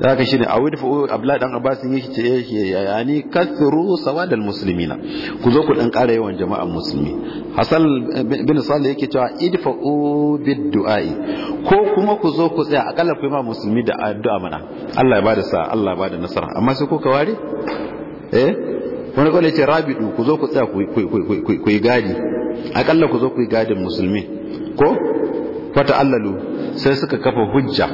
za ka shi ne a wudufu abdullahi dan abbas yake ce yake yani kathru sawadal muslimina ku zo ku dan ƙara yawan jama'an musulmi hasan bin salih yake cewa idfa'u bid du'a'i ko kuma ku zo ku tsaya akalla ku ma musulmi da addu'a mana Allah ya bada sa Allah ya bada nasara amma sai ku ka eh wani kawai ce rabidu ku zo ku tsaya ku yi gadi akalla ku zo ku yi gadin musulmi ko fata allalu sai suka kafa hujja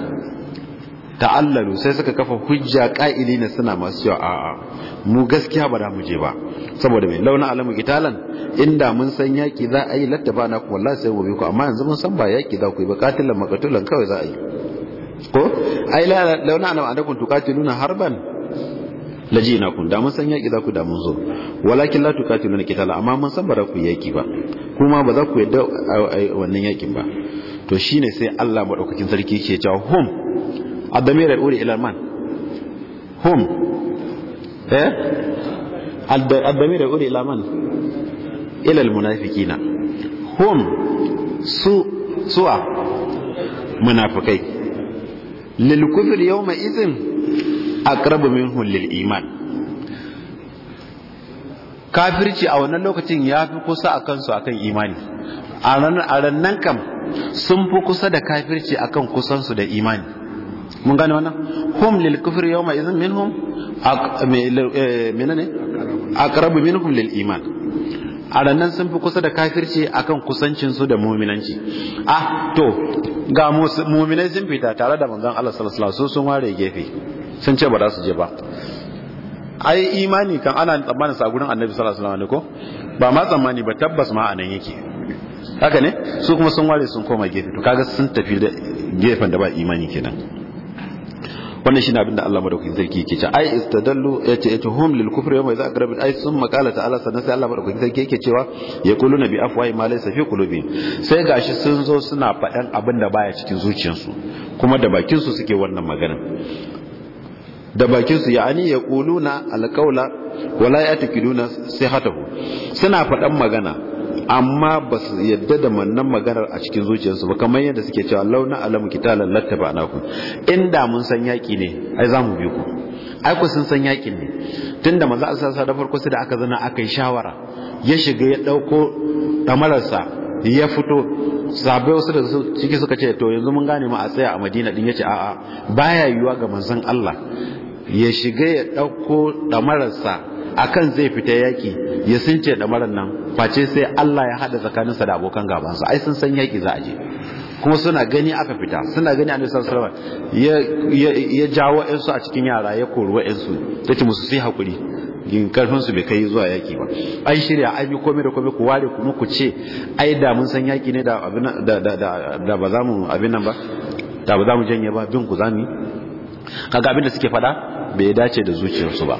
ta'allalu sai suka kafa hujja ƙa'ili na suna masu yau a'a mu gaskiya ba da mu je ba saboda mai launa alamu italan inda mun san yaki za a yi ba na ku wallahi sai gobe ku amma yanzu mun san ba yaki za ku yi ba katilan makatulan kawai za a yi ko ai launa alamu adakum nuna harban na kun da mun san yaki za ku da mun zo walakin la nuna kitala amma mun san ba za ku yi yaki ba kuma ba za ku yadda wannan yakin ba to shine sai Allah madaukakin sarki ke cewa hum الضمير الأولي إلى من هم إيه؟ الضمير الأولي إلى من إلى المنافقين هم سوء سوء منافقين للكفر يومئذ أقرب منهم للإيمان kafirci a wannan lokacin ya fi kusa a kansu akan imani a ranar kam sun fi kusa da kafirci akan kusansu da imani mun gane wannan hum lil kufri yawma idhin minhum eh, menene aqrabu minhum lil iman a sun fi kusa da kafirci akan kusancin su da muminanci ah to ga muminai sun fita tare da manzon Allah sallallahu alaihi wasallam sun ware gefe sun ce ba za su je ba ai imani kan ana tsammanin sa gurin annabi sallallahu alaihi wasallam ko ba ma tsammani ba tabbas ma anan yake haka ne su kuma sun ware sun koma gefe to kaga sun tafi da gefen da ba imani kenan wannan shine abin da Allah madaukakin sarki yake cewa ai istadallu yace yace hum lil kufri yawma idza aqrabu ai sun ta Allah sannan sai Allah madaukakin sarki yake cewa yaquluna bi afwahi ma laysa fi qulubihim sai gashi sun zo suna faɗan abin da baya cikin zuciyarsu kuma da bakin su suke wannan magana da bakin su ya'ani yaquluna alqawla wala yatakiduna sihatahu suna faɗan magana amma ba su yadda da wannan maganar a cikin zuciyarsu ba kamar yadda suke cewa launa alamu kitalan lattaba In inda mun san yaƙi ne ai za mu bi ku ai ku sun san yaƙi ne tunda maza a sassa da farko da aka zana aka yi shawara ya shiga ya ɗauko ɗamararsa ya fito sabai wasu da ciki suka ce to yanzu mun gane ma a tsaya a Madina din yace a'a baya yiwuwa ga manzon Allah ya shiga ya ɗauko damararsa akan zai fita yaki ya sunce da maran nan face sai Allah ya hada tsakaninsa da abokan gabansa ai sun san yaki za a je kuma suna gani aka fita suna gani annabi sallallahu alaihi wasallam ya ya jawo ɗansu a cikin yara ya kori ɗansu tace musu sai hakuri karfin su bai kai zuwa yaki ba an shirya ai bi komai da komai ku ware kuma ku ce ai da mun san yaki ne da abin da da da ba za mu abin nan ba da ba za mu janye ba bin ku zami kaga abin da suke faɗa bai dace da zuciyarsu ba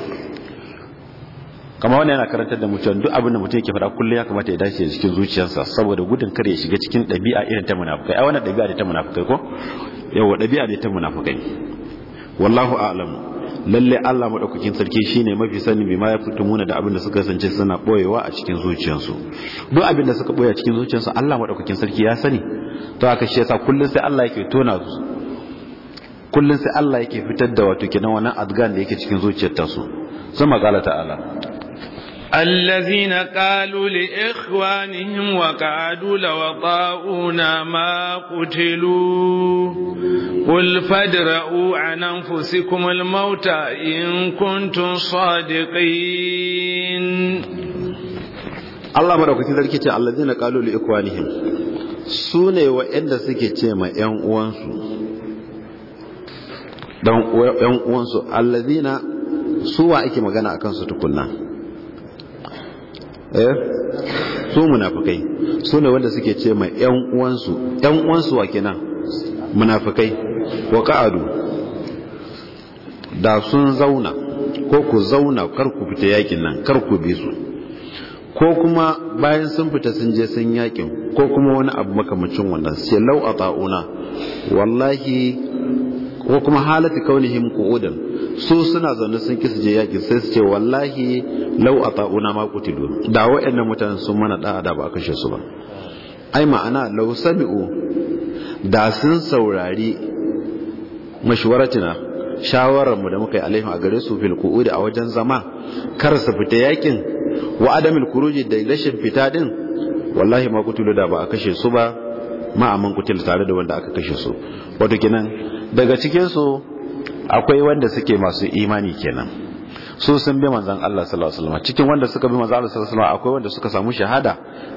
kamar wannan yana karantar da mutum duk abin da mutum yake faɗa kullum ya kamata ya dace cikin zuciyarsa saboda gudun kar ya shiga cikin ɗabi'a irin ta munafukai ai wannan ɗabi'a ne ta munafukai ko yawa ɗabi'a ne ta munafukai wallahu a'lam lalle Allah madaukakin sarki shine mafi sani bima ya muna da abin da suka sance suna boyewa a cikin zuciyarsu duk abin da suka boye a cikin zuciyarsu Allah madaukakin sarki ya sani to haka shi yasa kullum sai Allah yake tona su kullum sai Allah yake fitar da wato kenan wannan adgan da yake cikin zuciyar ta su sama qala ta'ala الذين قالوا لإخوانهم وقعدوا لو طاؤونا ما قتلوا قل فادرؤوا عن أنفسكم الموت إن كنتم صادقين Allah madaukakin sarki ce allazina qalu li ikwanihim sune wa'anda suke ce ma ƴan uwansu allazina suwa ake magana a kansu tukunna Eh? su munafukai su ne wanda suke ce mai 'yan uwansu wa kenan munafukai wa ka'adu da sun zauna ko ku zauna karku fita yakin nan karku bi su ko kuma bayan sun fita sun je sun yakin ko kuma wani abu makamacin wannan sai lau a ta'una wallahi ko kuma halatu kaunihim qu'udan su suna zaune sun kisa je yaki sai su ce wallahi law ata'una ma qutilu da wa'annan mutanen sun mana da da ba kashe su ba ai ma'ana law sami'u da sun saurari mashwaratina shawarar mu da muka yi alaihim a gare su fil qu'ud a wajen zama kar su fita yakin wa adamil khuruj da rashin fita din wallahi ma qutilu da ba a kashe su ba ma'aman kutil tare da wanda aka kashe su wato kenan daga cikinsu akwai wanda suke masu imani kenan su sun bi manzan Allah sallallahu alaihi wasallam cikin wanda suka bi manzan Allah sallallahu alaihi wasallam akwai wanda suka samu shahada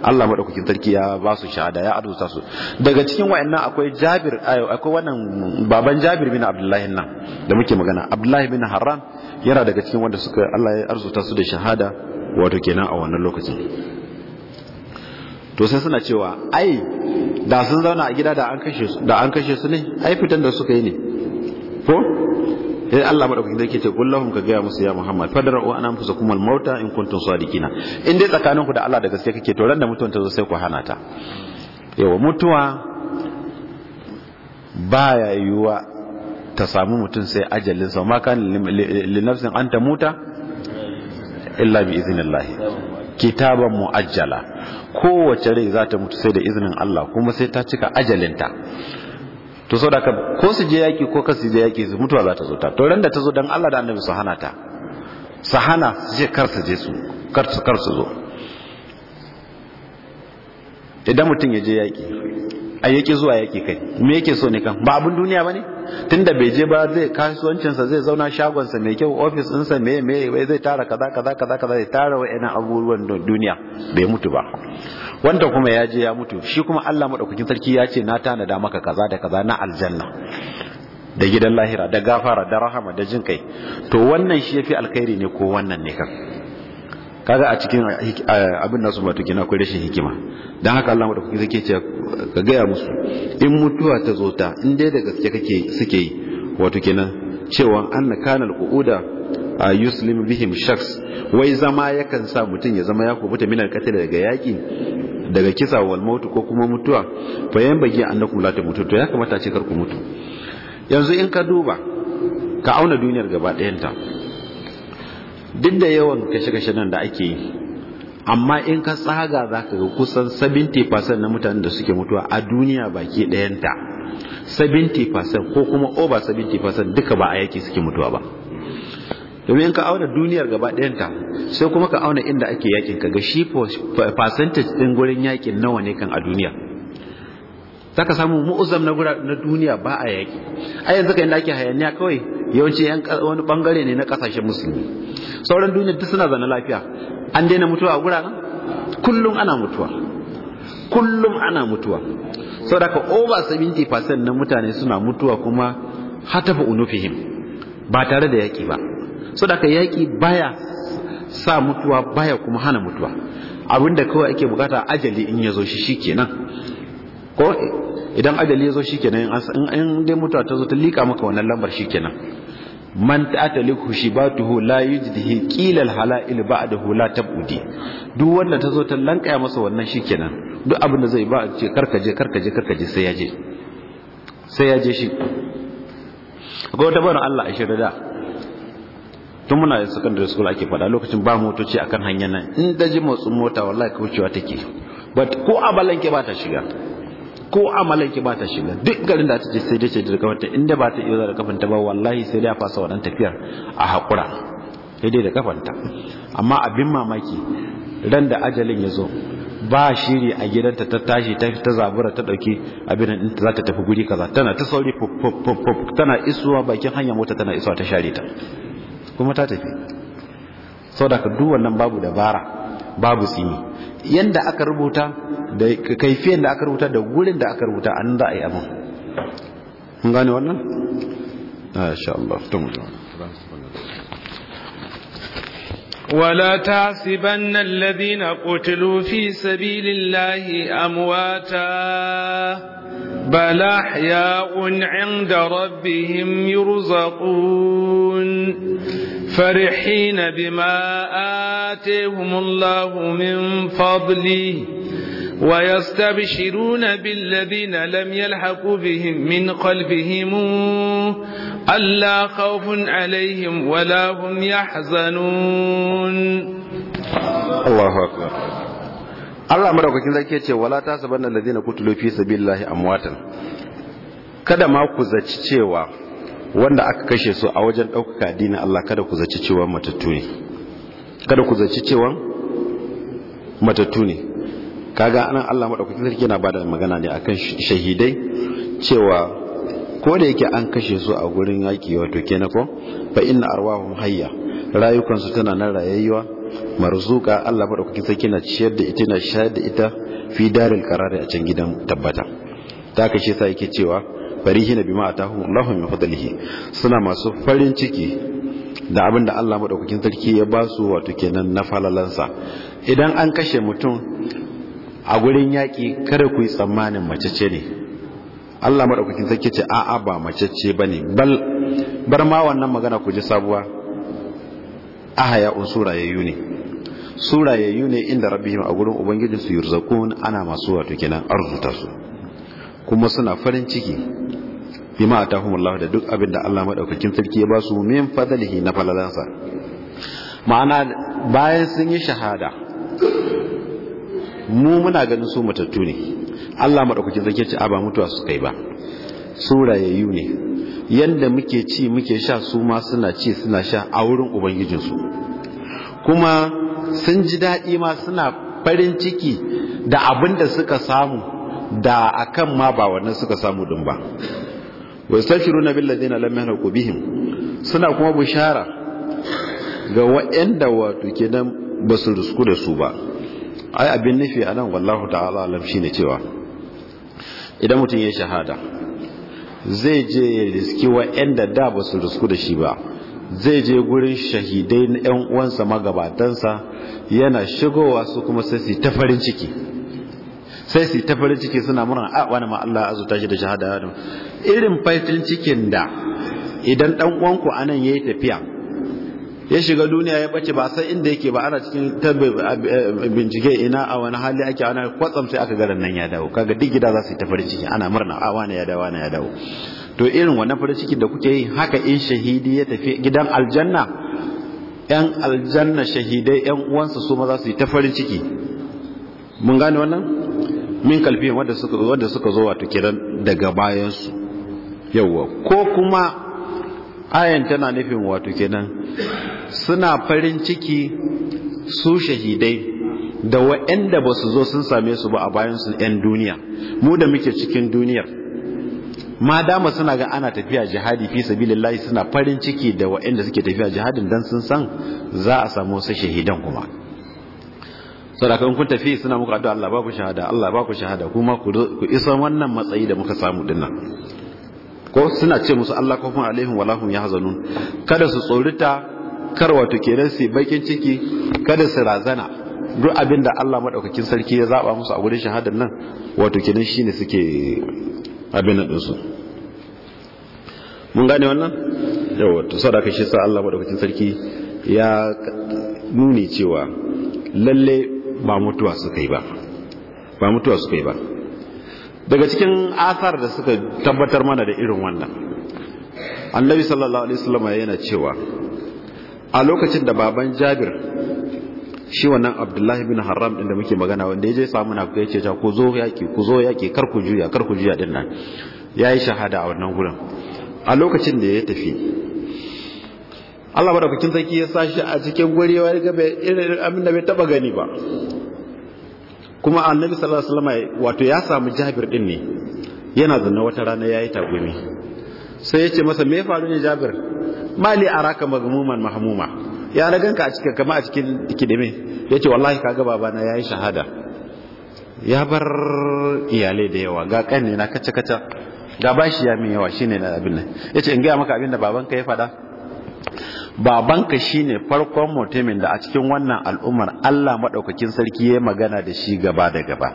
Allah madaukakin sarki ya ba su shahada ya adusa su daga cikin wayannan akwai Jabir akwai wannan baban Jabir bin Abdullahi nan da muke magana Abdullahi bin Harran yana daga cikin wanda suka Allah ya arzuta su da shahada wato kenan a wannan lokacin to sai suna cewa ai da sun zauna a gida da an kashe su da an kashe su ne ai fitan da suka yi ne ko sai Allah madaukakin sarki ce kul lahum ka gaya musu ya Muhammad wa ana anfusakum kuma mauta in kuntum sadiqina in dai tsakaninku da Allah da gaske kake to da mutuwan ta zo sai ku hana ta yawa mutuwa baya yiwuwa ta sami mutum sai ajalin sa ma kan linafsin an ta muta illa bi iznillah kitaban muajjala kowace rai za ta mutu sai da izinin Allah kuma sai ta cika ajalinta to saboda ka ko su je yaki ko kasu je yaki su mutuwa za ta zo ta to ran da ta zo dan Allah da Annabi su hana ta su hana su je kar su je su kar su kar su zo idan mutum ya je yaki a yake zuwa yake kai me yake so ne kan ba abin duniya bane tunda bai je ba zai kasuwancinsa zai zauna shagonsa mai kyau ofis ɗinsa me bai zai tara kaza kaza kaza kaza zai tara wa'annan abubuwan duniya bai mutu ba wanda kuma ya je ya mutu shi kuma Allah madaukakin sarki ya ce na tanada maka kaza da kaza na aljanna da gidan lahira da gafara da rahama da jin kai to wannan shi yafi alkhairi ne ko wannan ne kan kaga a cikin eh, eh, abin nasu wato kenan akwai rashin hikima don haka Allah madaukakin zai ce ka gaya musu in mutuwa ta zo ta in dai da gaske kake suke yi wato kenan cewa an anna kanal kuuda a yuslim bihim shaks wai zama yakan sa mutum ya zama ya kubuta minan katila daga yaƙi daga kisa wal mautu ko kuma mutuwa fa yan bagi kula ta mutu to ya kamata ce kar ku mutu yanzu in ka duba ka auna duniyar gaba ɗayanta duk da yawan kashe-kashe nan da ake yi amma in ka tsaga za ka ga kusan 70% na mutanen da suke mutuwa a duniya baki ɗayanta 70% ko kuma over 70% duka ba a yaki suke mutuwa ba domin ka auna duniyar gaba ɗayanta sai kuma ka auna inda ake yakin ka ga shi percentage ɗin gurin yakin nawa ne kan a duniya zaka samu mu'uzam na duniya ba a yaki a yanzu kai da ake hayaniya kawai yawanci yan wani bangare ne na kasashen musulmi sauran duniya duk suna zana lafiya an daina mutuwa a gura kullum ana mutuwa kullum ana mutuwa saboda ka over 70% na mutane suna mutuwa kuma hatafa unufihim ba tare da yaki ba saboda ka yaki baya sa mutuwa baya kuma hana mutuwa abinda kawai ake bukata ajali in ya zo shi kenan. ko idan ajali ya zo shi kenan in dai mutuwa ta zo ta liƙa maka wannan lambar shi kenan man ta'ataliku shibatuhu la yujdihi qila al da ba'dahu la tab'udi duk wanda zo ta lankaya masa wannan shikenan duk abin da zai ba ce karkaje karkaje karkaje sai ya je sai ya je shi ko wata barin Allah a da. tun muna da secondary school ake fada lokacin ba motoci akan hanyar nan in daji ji motsin mota wallahi kaucewa take but ko a balanke ba ta shiga ko amalan ki ba ta shiga duk garin da ta ce sai dace da kafarta inda ba ta iya da kafanta ba wallahi sai dai a fasa wannan tafiyar a hakura sai dai da kafanta amma abin mamaki ran da ajalin ya zo ba shiri a gidanta ta tashi ta ta zabura ta dauki abin nan za ta tafi guri kaza tana ta sauri pop pop pop tana isuwa bakin hanyar mota tana isuwa ta share ta kuma ta tafi saboda duk wannan babu dabara babu tsini yanda aka rubuta da kaifiyar da aka rubuta da wurin da aka rubuta an za a yi abin mun gane wannan ah, insha Allah to mu ولا تحسبن الذين قتلوا في سبيل الله أمواتا بل أحياء عند ربهم يرزقون فرحين بما آتيهم الله من fadli". ويستبشرون بالذين لم يلحقوا بهم من قلبهم ألا خوف عليهم ولا هم يحزنون الله أكبر Allah madaukakin zaki yace wala ta tasabanna alladhina kutulu fi sabilillahi amwatan kada ma ku zaci cewa wanda aka kashe su a wajen ɗaukaka addinin Allah kada ku zaci cewa matattu ne kada ku zaci cewa matattu ne kaga anan Allah madaukakin sarki yana bada magana ne akan shahidai cewa ko da yake an kashe su a gurin yaki wato kenan ko fa inna arwahum hayya rayukan su tana nan rayayyuwa marzuka Allah madaukakin sarki na ciyar da ita na shayar da ita fi daril qarari a can gidan tabbata ta kashe sa yake cewa na bima atahum Allahu min fadlihi suna masu farin ciki da abin da Allah madaukakin sarki ya ba su wato kenan na falalansa idan an kashe mutum a gurin yaƙi kada ku yi tsammanin mace ce ne Allah maɗaukakin sarki ce a'a ba mace ce ba ne bar ma wannan magana ku ji sabuwa a un surayayyu ne surayayyu ne inda rabbihim a gurin ubangiji su yurzakun ana masu wato kenan arzuta kuma suna farin ciki bima atahumullahu da duk abin da Allah maɗaukakin sarki ya ba su min fadlihi na falalansa ma'ana bayan sun yi shahada mu muna ganin su matattu ne Allah madaukakin sarki ce a ba mutuwa su kai ba su rayayyu ne yanda muke ci muke sha su ma suna ci suna sha a wurin ubangijinsu kuma sun ji daɗi ma suna farin ciki da abin da suka samu da akan ma ba wannan suka samu din ba wasafiru na billadina lam yahlaqu bihim suna kuma bishara ga waɗanda wato kenan ba su rusku da su ba ai abin nufi a nan wallahu ta'ala alam shine cewa idan mutum ya shahada zai je ya riski wa'anda da ba su risku da shi ba zai je gurin shahidai na yan uwansa magabatansa yana shigowa su kuma sai su ta farin ciki sai su ta farin ciki suna murna a ah, wani ma Allah azu shi da shahada irin farin cikin da idan dan uwanku anan yayi tafiya ya shiga duniya ya bace ba san inda yake ba ana cikin eh, bincike ina a wani hali ake ana kwatsam sai aka garan nan ya dawo kaga duk gida za su yi ta farin ciki ana murna a ah, wani ya dawo wani ya dawo to irin wannan farin ciki da kuke yi haka in shahidi ya tafi gidan aljanna yan aljanna shahidai yan uwansa su ma za su yi ta farin ciki mun gane wannan min kalfi wanda suka wanda suka zo wato kiran daga bayansu su ko kuma ayan tana nufin wato kenan suna farin ciki su shahidai da wa'anda ba su zo sun same su ba a bayan su 'yan duniya mu da muke cikin duniyar ma dama suna ga ana tafiya jihadi fi sabilillahi suna farin ciki da wa'anda suke tafiya jihadin dan sun san za a samu wasu shahidan kuma sadaka in kun tafi suna muku addu'a Allah ba ku shahada Allah ba ku shahada kuma ku isa wannan matsayi da muka samu dinnan ko suna ce musu Allah kafin alaihim ya yahzanun kada su tsorita kar wato kenan su bakin ciki kada su razana duk abinda Allah madaukakin sarki ya zaba musu a gurin shahadar nan wato kenan shine suke abin nan su mun gane wannan yawa to sadaka shi sa Allah madaukakin sarki ya nuni cewa lalle ba mutuwa suka yi ba ba mutuwa suka yi ba daga cikin asar da suka tabbatar mana da irin wannan annabi sallallahu alaihi wasallam yana cewa a lokacin da baban jabir shi wannan abdullahi bin haram din da muke magana wanda ya je samu na ya ce ja ku zo yaki ku zo yaki kar ku juya kar ku juya din nan yayi shahada a wannan gurin a lokacin da ya tafi Allah madaukakin sarki ya sashi a cikin guri wani gabe irin abin da bai taba gani ba kuma annabi sallallahu alaihi wasallam wato ya samu Jabir din ne yana zanna wata rana yayi tagumi sai yace masa me ya faru ne Jabir mali araka magmuman mahmuma ya na ganka a cikin kama a cikin kidime yace wallahi kaga babana yayi shahada ya bar iyalai da yawa ga kanne na kace kace ga bashi ya min yawa shine na abin nan yace in ga maka abin da babanka ya faɗa babanka shine farkon mutumin da a cikin wannan al'ummar Allah madaukakin sarki ya magana da shi gaba da gaba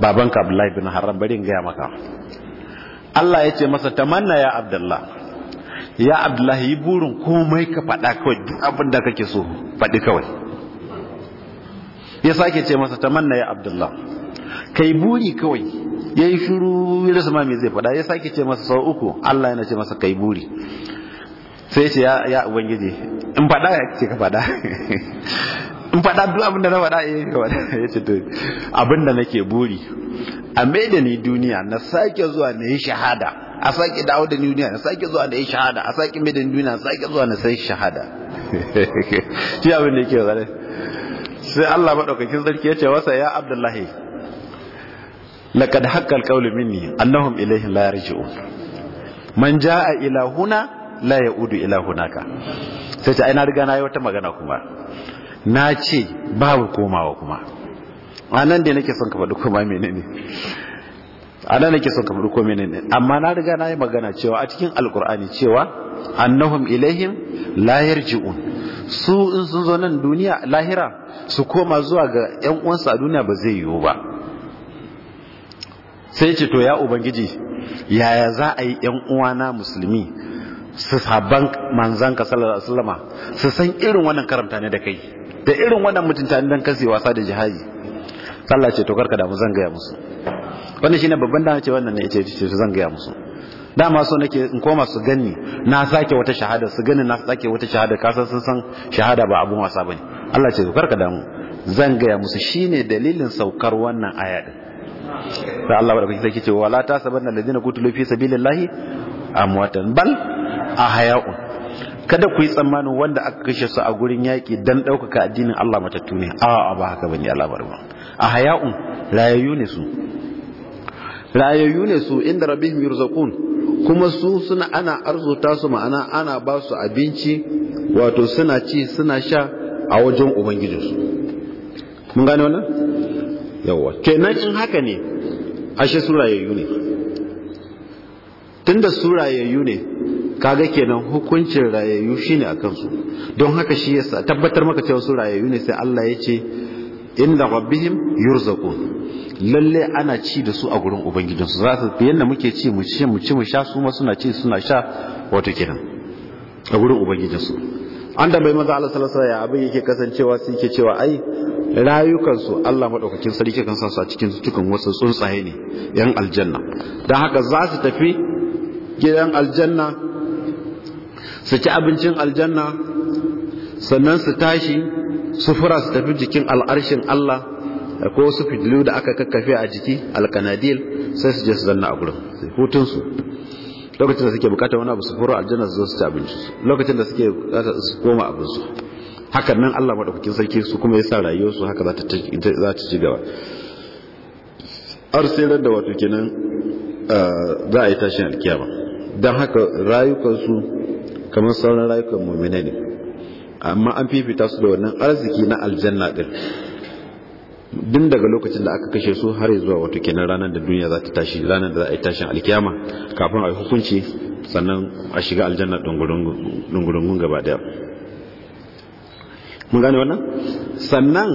babanka Abdullahi bin Haram bari in gaya maka Allah ya ce masa tamanna ya Abdullah ya Abdullahi yi burin komai ka faɗa kawai duk abin da kake so faɗi kawai ya sake ce masa tamanna ya Abdullah kai buri kawai yayi shiru ya rasa ma me zai faɗa ya sake ce masa sau uku Allah yana ce masa kai buri sai ce ya ya ubangiji in faɗa ya ce ka faɗa (laughs) in faɗa duk abin da na faɗa eh (laughs) ya ce to abin da nake buri a mai da ni duniya na sake zuwa na yi shahada a sake dawo da duniya na sake zuwa na yi shahada a sake mai da duniya na sake zuwa na sai shahada (laughs) shi abin da yake zare sai Allah madaukakin sarki ya ce wasa ya Abdullahi laqad haqqal qawlu minni annahum ilayhi la yarji'un man jaa ila huna la udu ila hunaka sai ce aina na riga na yi wata magana kuma na ce babu komawa kuma a nan da nake son ka faɗi kuma menene a nan nake son ka faɗi kuma menene amma na riga na yi magana cewa a cikin alkur'ani cewa annahum ilaihim la yarji'un su in sun zo nan duniya lahira su koma zuwa ga yan uwansu a duniya ba zai yiwu ba sai ce to ya ubangiji yaya za a yi yan uwana musulmi su sabon manzan ka sallallahu alaihi wasallama su san irin wannan karanta ne da kai da irin wannan mutunta ne dan kasi wasa da jihadi sallah ce to karka da mu zan gaya musu wannan shine babban dama ce wannan ne ce ce zan gaya musu dama so nake in koma su gani na sake wata shahada su gani na sake wata shahada kasan sun san shahada ba abun wasa bane Allah ce to karka da mu zan gaya musu shine dalilin saukar wannan aya din sai Allah barkake sai ce wala tasabanna alladhina kutulu fi sabilillahi amwatan bal a haya'un kada ku yi tsammanin wanda aka kashe su a gurin yaƙi don ɗaukaka addinin Allah matattu ne a ba haka bane al'amar ba a haya'un rayayyu ne su rayayyu ne su inda rabihim yurzaqun kuma su suna ana arzuta su ma'ana ana ba su abinci wato suna ci suna sha a wajen ubangijinsu mun gane wannan yawwa kenan in haka ne ashe su rayayyu ne da su rayayyu ne kaga kenan hukuncin rayayyu shine a kansu don haka shi yasa tabbatar maka cewa su rayayyu ne sai Allah ya ce inda rabbihim yurzaqun lalle ana ci da su a gurin ubangijinsu za su yanda muke ci mu ci mu ci mu sha su ma suna ci suna sha wato kenan a gurin ubangijinsu an da bai maza Allah sallallahu alaihi wasallam abin yake kasancewa sai yake cewa ai rayukansu Allah madaukakin sarki kan sa su a cikin dukkan wasu tsuntsaye ne yan aljanna dan haka za su tafi gidan aljanna su ci abincin aljanna sannan su tashi su fura su tafi jikin al'arshin Allah ko su fidilu da aka kakkafe a jiki alkanadil sai su je su zanna a gurin hutun su lokacin da suke bukata wani abu su fura aljanna su zo su ci abinci lokacin da suke bukata su koma abin su hakan nan Allah madaukakin sarki su kuma ya sa rayuwar su haka za ta ci gaba arsirar da wato kenan ah, za a yi tashin alkiyama don haka rayukansu kamar sauran rayukan mummina ne amma an fifita su da wannan arziki na aljanna din din daga lokacin da aka kashe su har zuwa wato kenan ranar da duniya za ta tashi ranar da za a yi tashin alkiyama kafin a yi hukunci sannan a shiga aljanna dungurungun gaba daya mun gane wannan sannan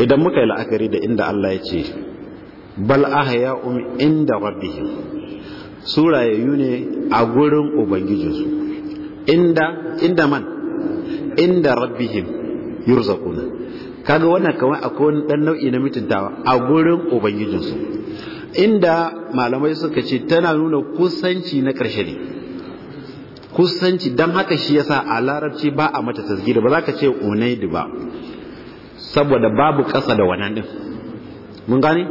idan muka yi la'akari da inda Allah ya ce bal ahya'um inda rabbihim su rayayyu ne a gurin ubangijinsu inda inda man inda rabbihim yurzaquna kaga wannan kamar akwai wani dan nau'i na mutuntawa a gurin ubangijinsu inda malamai suka ce tana nuna kusanci na karshe ne kusanci don haka shi yasa a larabci ba a mata tasgiri ba za ka ce unaidu ba saboda babu kasa da wannan din mun gane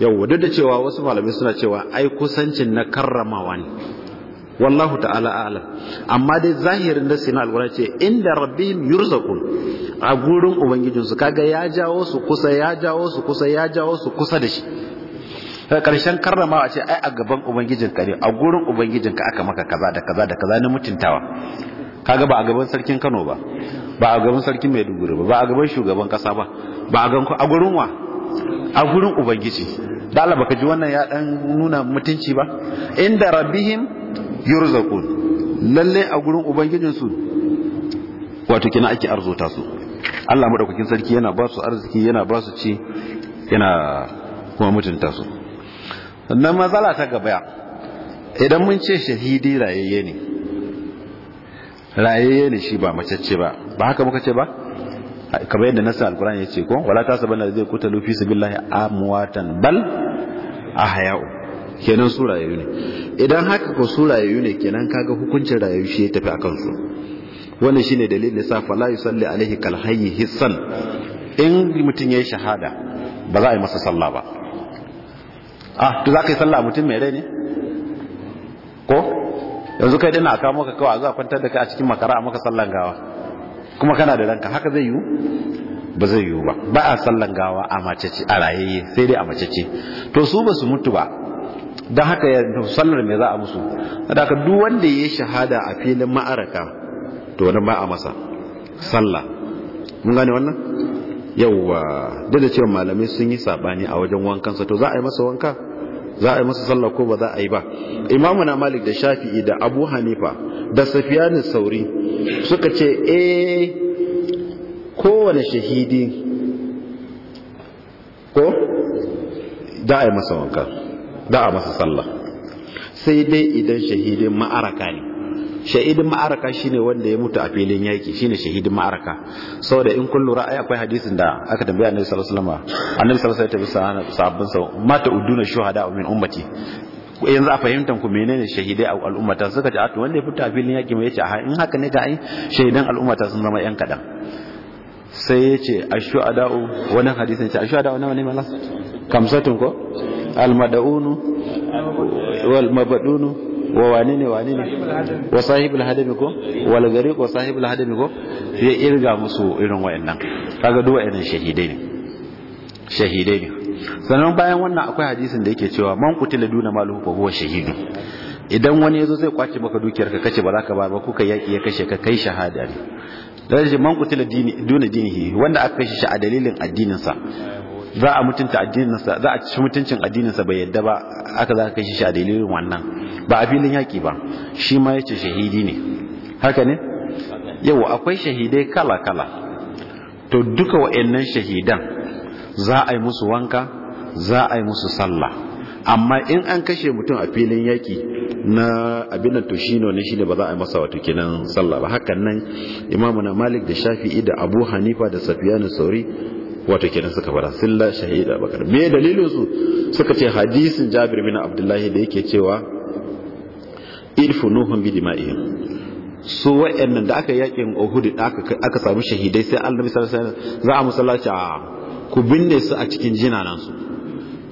yau duk da cewa wasu malamai suna cewa ai kusancin na karramawa ne wallahu ta'ala a'lam amma dai zahirin da sina alwara ce inda rabbihim yurzaqun a gurin ubangijin su kaga ya jawo su kusa ya jawo su kusa ya jawo su kusa da shi karshen karramawa ce ai a gaban ubangijin ka ne a gurin ubangijin ka aka maka kaza da kaza da kaza na mutuntawa kaga ba a gaban sarkin Kano ba ba a gaban sarkin Maiduguri ba ba a gaban shugaban kasa ba ba a gaban a gurin wa a gurin ubangiji da Allah baka ji wannan ya dan nuna mutunci ba inda rabbihim yurzaqun lalle a gurin ubangijin su wato kina ake arzuta su Allah madaukakin sarki yana ba su arziki yana ba su ci yana kuma mutunta su sannan matsala ta gaba idan mun ce shahidi rayayye ne rayayye ne shi ba macece ba ba haka muka ce ba kamar yadda nasu alkur'ani ya ce ko wala ta na zai kuta lufi su billahi amwatan bal a hayau kenan su rayu ne idan haka ko su rayu ne kenan kaga hukuncin rayu shi ya tafi a su wannan shine dalilin da sa fala yusalli alaihi kal hayyi hissan in mutum yayi shahada ba za a yi masa sallah ba ah to za ka yi sallah mutum mai rai ne ko yanzu kai dana kamo ka kawai a zuwa kwantar da kai a cikin makara a maka sallan gawa kuma kana da ranka haka zai yiwu ba zai yiwu ba ba a sallan gawa a macece a rayayye sai dai a macece to su ba su mutu ba don haka sallar mai za a musu da duk wanda ya shahada a filin ma'araka to wani ba a masa sallah mun gane wannan yauwa duk da cewa malamai sun yi saɓani a wajen wankansa to za a yi masa wanka za a yi masa sallah ko ba za a yi ba imamu na malik da shafi'i da abu hanifa da Safiyanin sauri suka ce e kowane shahidi ko da a yi masa wanka da a masa sallah sai dai idan shahidin ma'araka ne shahidin ma'araka shine wanda ya mutu a filin yaki shine shahidin ma'araka saboda in kun lura ai akwai hadisin da aka tambaya annabi sallallahu alaihi wasallam annabi sallallahu alaihi wasallam ya sahabban sa mata uduna shuhada min ummati yanzu a fahimtar ku menene shahidai a al'ummata suka ce to wanda ya fita a filin yaki mai yace in haka ne ga ai shahidan al'ummata sun zama yan kadan sai ya ce ashu'ada'u wannan hadisin ce ashu'ada'u nawa ne malas kamsatun ko al-mad'unu wal mabdunu wa wane ne wane ne wa sahibul hadami ko wal gariq wa sahibul hadami ko ya irga musu irin wayannan kaga duk wayannan shahidai ne shahidai ne sanan bayan wannan akwai hadisin da yake cewa man kutila duna maluhu fa huwa shahidu idan wani yazo zai kwace maka dukiyar ka kace ba za ka ba ba kuka yaki ya kashe ka kai shahada ne dan man kutila dini duna dinihi wanda aka kashe shi a dalilin addinin sa za a mutunta addininsa za a ci mutuncin addininsa bai yadda ba aka za ka kashe shi a dalilin wannan ba a filin yaki ba shi ma ya ce shahidi ne haka ne yau akwai shahidai kala kala to duka wa'annan shahidan za a yi musu wanka za a yi musu sallah amma in an kashe mutum a filin yaki na abin da toshino ne shine ba za a yi masa wato kenan sallah ba hakan nan imamu na malik da shafi'i da abu hanifa da na sauri wato kenan suka fara silla shahida bakar me dalilin su suka ce hadisin jabir bin abdullahi da yake cewa nuhum bi dima'ihim su wa'annan da aka yakin uhud aka aka samu shahidai sai annabi sallallahu alaihi wasallam za a musallaci ku binne su a cikin jinanan su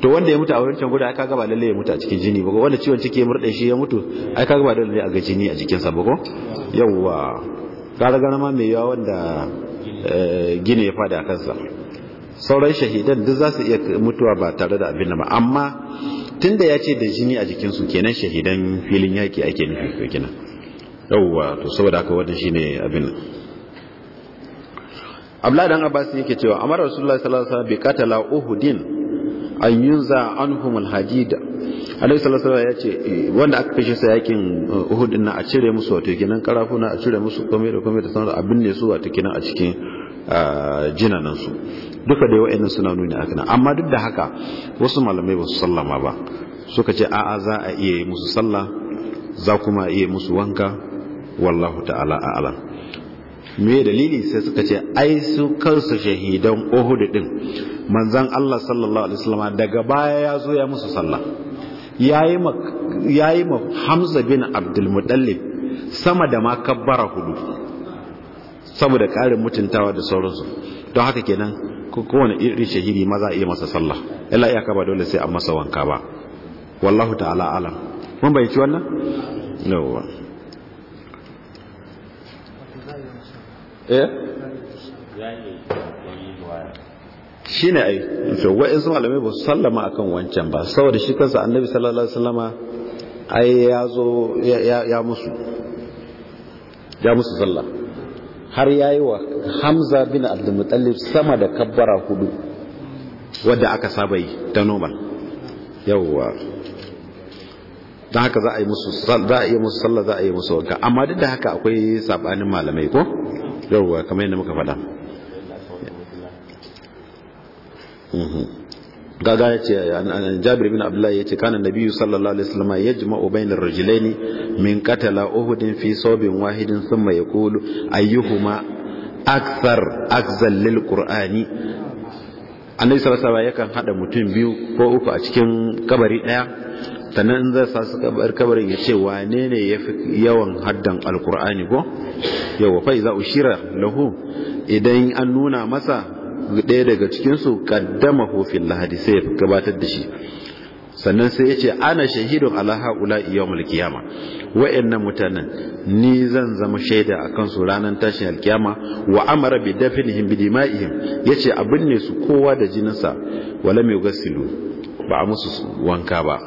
to wanda ya mutu a wancan guda ai gaba ba lalle ya mutu a cikin jini bako wanda ciwon ciki ya murɗe shi ya mutu ai gaba ba lalle a ga jini a jikin sa bako yawwa ka ga ma mai yawa wanda eh, gine ya fada a kansa sauran shahidan duk za su iya mutuwa ba tare da abin ba amma tunda ya ce da jini a jikinsu kenan shahidan filin yaki ake nufi ko gina. Yauwa to saboda haka wannan shine abin Abdullahi dan Abbas yake cewa amara Rasulullahi sallallahu alaihi wasallam bi qatala Uhudin an yunza anhum alhadid alaihi sallallahu alaihi ya ce eh, wanda aka kashe sa yakin eh, Uhudin na a cire musu wato kenan karafuna a cire musu komai da komai da sanar abin ne su wato kenan a cikin ah, jinanansu duka da wa'annan suna nuni akan amma duk da haka wasu malamai ba sallama ba suka ce a'a za a iya yi musu sallah za kuma iya musu wanka wallahu ta'ala a'lam me dalili sai suka ce ai su kansu shahidan Uhud din manzon Allah sallallahu alaihi wasallam daga baya ya zo ya musu sallah yayi ma ma Hamza bin Abdul Muttalib sama da ma kabbara hudu saboda karin mutuntawa da sauransu don haka kenan kowane irin shahidi ma za a iya masa sallah illa iyaka ba dole sai a masa wanka ba wallahu ta'ala alam mun bai ci wannan yawwa eh shi ne ai to wa'insu malamai ba su sallama akan wancan ba saboda shi kansa annabi sallallahu alaihi wasallama ai ya zo ya musu ya musu sallah har ya yi wa hamza bin abdulmutallif sama da kabbara hudu wadda aka saba yi ta normal yawwa don haka za a yi musu sallar za a yi musu wanka amma duk da haka akwai sabanin malamai ko yawwa kamar yadda muka faɗa mm-hmm. gaga ya ce jabir bin abdullahi ya ce kanan nabi sallallahu alaihi wasallam ya jima'u rajile rajulaini min qatala uhudin fi sawbin wahidin thumma yaqulu ayyuhuma akthar akzal lil qur'ani annabi sallallahu alaihi yakan hada mutum biyu ko uku a cikin kabari daya sannan in zai sa su kabarin ya ce wane ne ya fi yawan haddan alkur'ani ko yau fa iza ushira lahu idan an nuna masa ɗaya daga cikinsu ƙaddama hufin lahadi sai ya gabatar da shi sannan sai ya ce ana shahidun alaha ula yawmul qiyama wa'annan mutanen ni zan zama shaida a kansu ranar tashin alkiyama wa amara bi dafinihim bi dima'ihim ce abin ne su kowa da jininsa wala mai gasilu ba a musu wanka ba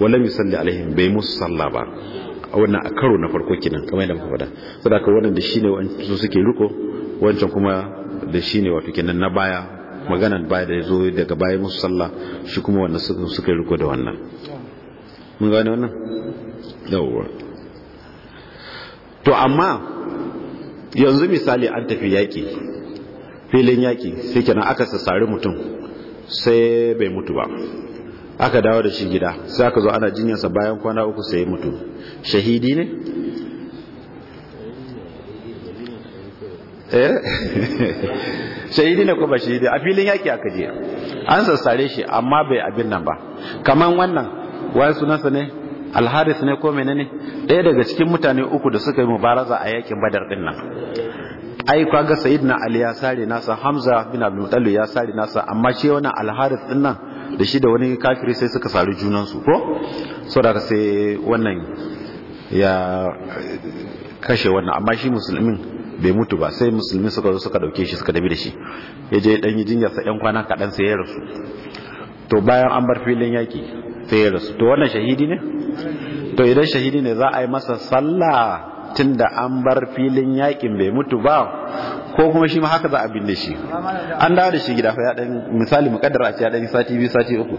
wala mai salli alaihim bai musu sallah ba a wannan a karo na farko kenan kamar yadda muka faɗa saboda haka wannan da wancan suke riko wancan kuma da shi ne wato kenan na baya magana baya da ya zo daga baya musu sallah shi kuma wannan suka yi riko da wannan mun gane wannan yawwa to amma yanzu misali an tafi yaƙi filin yaƙi sai kenan aka sassari mutum sai bai mutu ba aka dawo da shi gida sai aka zo ana jinyarsa bayan kwana uku sai ya mutu shahidi ne Eh? (laughs) shahidi ne ko ba shahidi a filin yaki aka je an sassare shi amma bai abin nan ba Kamar wannan wai sunansa ne alharis ne ko menene ɗaya daga cikin mutane uku da suka yi mubaraza a yakin badar din nan ai kaga na ali ya sare nasa hamza bin abdul mutallu ya sare nasa amma shi wannan alharis din nan da shi da wani kafiri sai suka sari junansu ko da sai wannan ya kashe wannan amma shi musulmin bai mutu ba sai musulmi suka zo suka dauke shi suka dabi da shi ya je dan yi jinyar sa yan kwana kadan sai ya rasu to bayan an bar filin yaki sai ya rasu to wannan shahidi ne to idan shahidi ne za a yi masa sallah tunda an bar filin yakin bai mutu ba ko kuma shi ma haka za a binne shi an dawo da shi gida fa ya dan misali mukaddara a ce ya dan sati biyu sati uku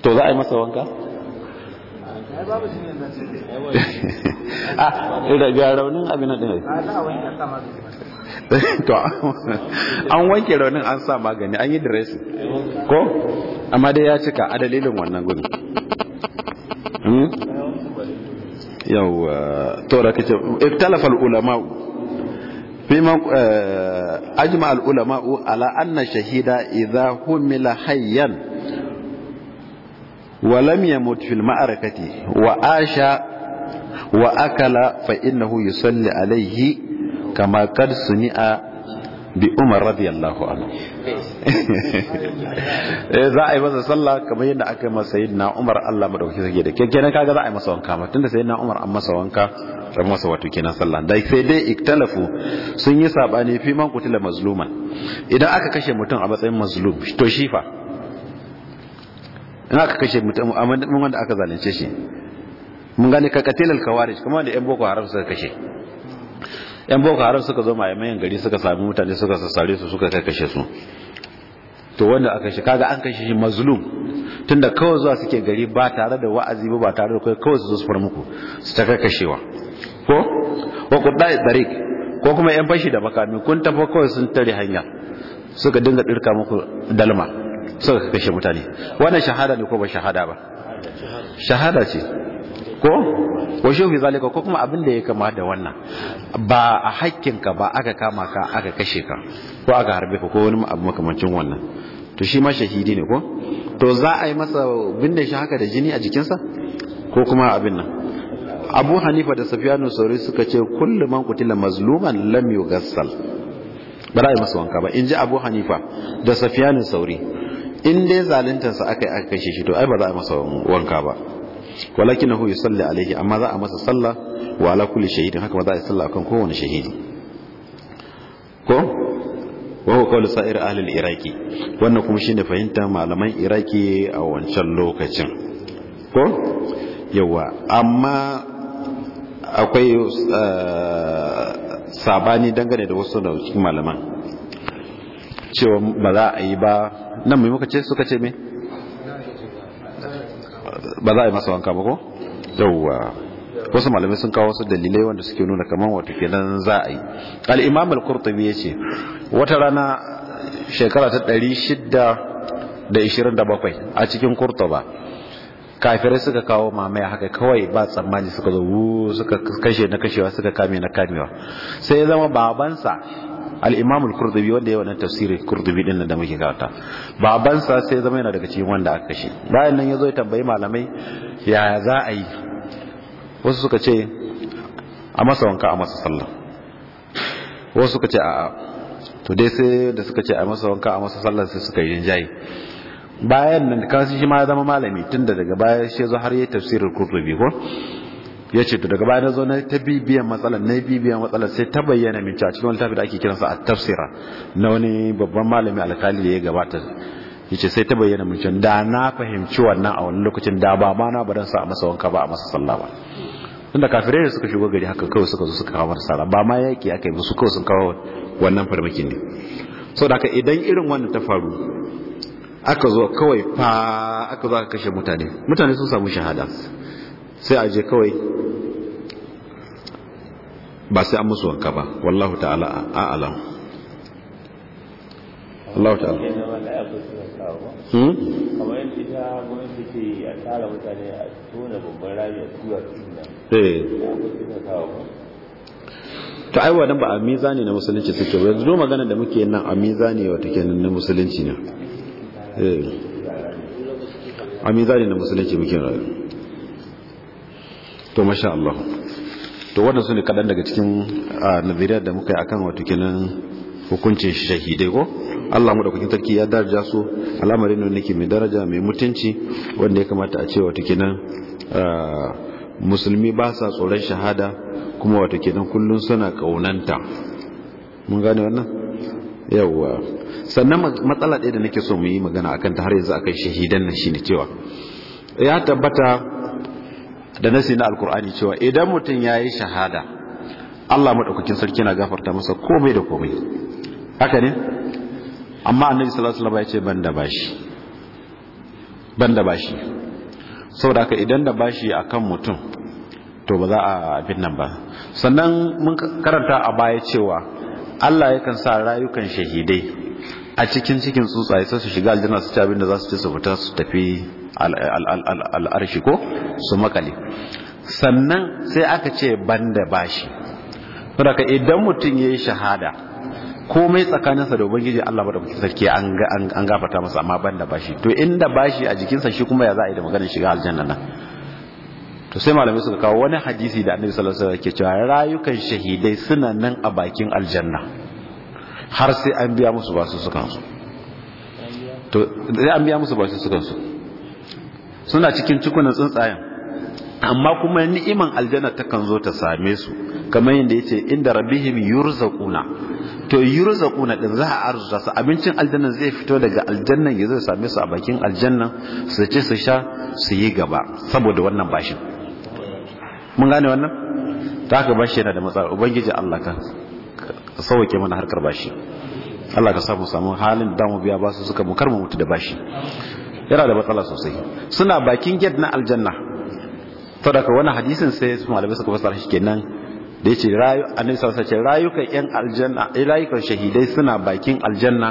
to za a yi masa wanka (laughs) Ah, a ga raunin abin din (laughs) to an wanke raunin an sa magani an yi dressing ko amma dai ya cika a dalilin wannan gudu hmm? yau tora kace iftalafal ulama fi ma eh, ajma al ulama ala anna shahida idha humila hayyan wa lam yamut fil ma'arakati wa asha wa akala fa innahu yusalli alayhi kama kad suni'a bi Umar radiyallahu anhu (laughs) eh, za a yi masa sallah kamar yadda aka yi masa sayyidina Umar Allah madauki sake da kenan kaga za a yi masa wanka ma tunda sayyidina Umar an masa wanka an masa wato kenan sallah da sai dai iktalafu sun yi sabani fi man kutila mazluman idan aka kashe mutum a matsayin mazlum to shifa in aka kashe mutum a madadin wanda aka zalunce shi mun gane ka katilal kawarij kuma da yan boko haram suka kashe yan boko haram suka zo mayamayan gari suka sami mutane suka sassare su suka kai kashe su to wanda aka kashe kaga an kashe shi mazlum tunda kawai zuwa suke gari ba tare da wa'azi ba ba tare da kawai su zo su far muku su ta kai kashewa ko wa qudai tariq ko kuma yan fashi da makami kun tafi kawai sun tare hanya suka dinga dirka muku dalma suka kashe mutane wannan shahada ne ko ba shahada ba shahada ce ko wa fi zalika ko kuma abin da ya kama da wannan ba a hakkinka ba aka kama ka aka kashe ka ko aka harbe ka ko wani abu makamancin wannan to shi ma shahidi ne ko to za a yi masa binne shi haka da jini a jikinsa ko kuma abin nan abu hanifa da safiyanu sauri suka ce kullu man kutila mazluman lam yugassal ba za a yi masa wanka ba in ji abu hanifa da safiyanu sauri in dai zaluntar aka yi aka kashe shi to ai ba za a masa wanka ba walakinahu yusalli alaihi amma za a masa sallah wa ala kulli shahidin haka ba za a yi sallah akan kowane shahidi ko wa huwa qawlu sa'ir ahli al-iraqi wannan kuma shine fahimta malaman iraki a wancan lokacin ko yawa amma akwai eh, sabani dangane da wasu da cikin malaman cewa ba za a yi ba nan mai muka ce suka ce me ba za a yi masa wanka ba ko yauwa wasu malamai sun kawo wasu dalilai wanda suke nuna kamar wata kenan za a yi al kurtubi ya ce. wata rana shekara ta 627 a cikin kurtuba kafirai suka kawo mamaya haka kawai ba tsammani suka zo suka kashe na kashewa suka kame na kamewa sai ya zama babansa al-imam al wanda yayi wannan tafsirin qurdubi din da muke gata baban sa sai zama yana daga cikin wanda aka kashe bayan nan yazo ya tambayi malamai ya za a yi wasu suka ce a masa wanka a masa sallah wasu suka ce a'a to dai sai da suka ce a masa wanka a masa sallah sai suka yi rinjaye bayan nan kasu shi ma zama malami tun da daga baya shi zo har yi tafsirin kurtubi ko ya ce to daga baya na zo na ta bibiyan matsalar na bibiyan matsalar sai ta bayyana min cewa cikin wani tafi da ake kiransa a tafsira na wani babban malami alkali da ya gabata ya ce sai ta bayyana min cewa da na fahimci wannan a wani lokacin da ba ma na barin sa a masa wanka ba a masa sallah ba tunda kafirai da suka shigo gari haka kawai suka zo suka kawo masa sallah ba ma yaƙi aka yi musu kawai sun kawo wannan farmaki ne da haka idan irin wannan ta faru aka zo kawai fa aka zo aka kashe mutane mutane sun samu shahada sai a je kawai ba sai an musu wanka ba wallahu ta'ala a'alam Allah ta'ala hmm kamar ita gwamnati ce a tara mutane a tona babban rami a tura tuna eh to ai ba a miza ne na musulunci take ba yanzu magana da muke nan a miza ne wata kenan na musulunci ne eh. a miza ne na musulunci muke rayu to masha Allah to wannan su ne kaɗan daga cikin ah, naziriyar da muka yi akan wato kenan hukuncin shahidai ko Allah mu da kuke tarki ya daraja su al'amarin ne nake mai daraja mai mutunci wanda ya kamata a ce wato kenan ah, musulmi ba sa tsoron shahada kuma wato kenan kullun suna kaunanta mun gane wannan yawwa sannan matsala ɗaya da nake so mu yi magana akan ta har yanzu akan shahidan nan shine cewa ya tabbata da nasi na alkur'ani cewa idan mutum ya yi shahada Allah maɗaukakin sarki na gafarta masa komai da komai haka ne amma annabi sallallahu alaihi ya ce ban da bashi ban da bashi saboda haka idan da bashi akan mutum to ba za a abin nan ba sannan mun karanta a baya cewa Allah yakan sa rayukan shahidai a cikin cikin tsuntsaye sai su shiga aljanna su ci abin da za su ci su fita su tafi al'arshi ko su makale sannan sai aka ce banda bashi saboda idan mutum ya yi shahada komai tsakaninsa da ubangiji Allah mutum sarki an an gafarta masa amma banda bashi to inda bashi a jikinsa shi kuma ya za a yi da maganin shiga aljanna nan to sai malamai suka kawo wani hadisi da annabi sallallahu alaihi wasallam ke cewa rayukan shahidai suna nan a bakin aljanna har sai an biya musu su sukan su to sai an biya musu su sukan su suna cikin cikunan tsuntsayen amma kuma ni'iman aljanna takan zo ta same su kamar yadda yace inda rabbihim yurzaquna to yurzaquna din za a arzuta su abincin aljanna zai fito daga aljannan ya zai same su a bakin aljanna su ci su sha su yi gaba saboda wannan bashin mun gane wannan ta haka bashi yana da matsala ubangiji Allah ka sauke mana harkar bashi Allah ka mu samu halin da mu biya basu suka mu karmu mutu da bashi yana da matsala sosai suna bakin get na aljanna to daga wani hadisin sai su malamai suka fasara shi kenan da yace rayu annabi sallallahu alaihi wasallam rayukan yan aljanna eh, rayukan shahidai suna bakin aljanna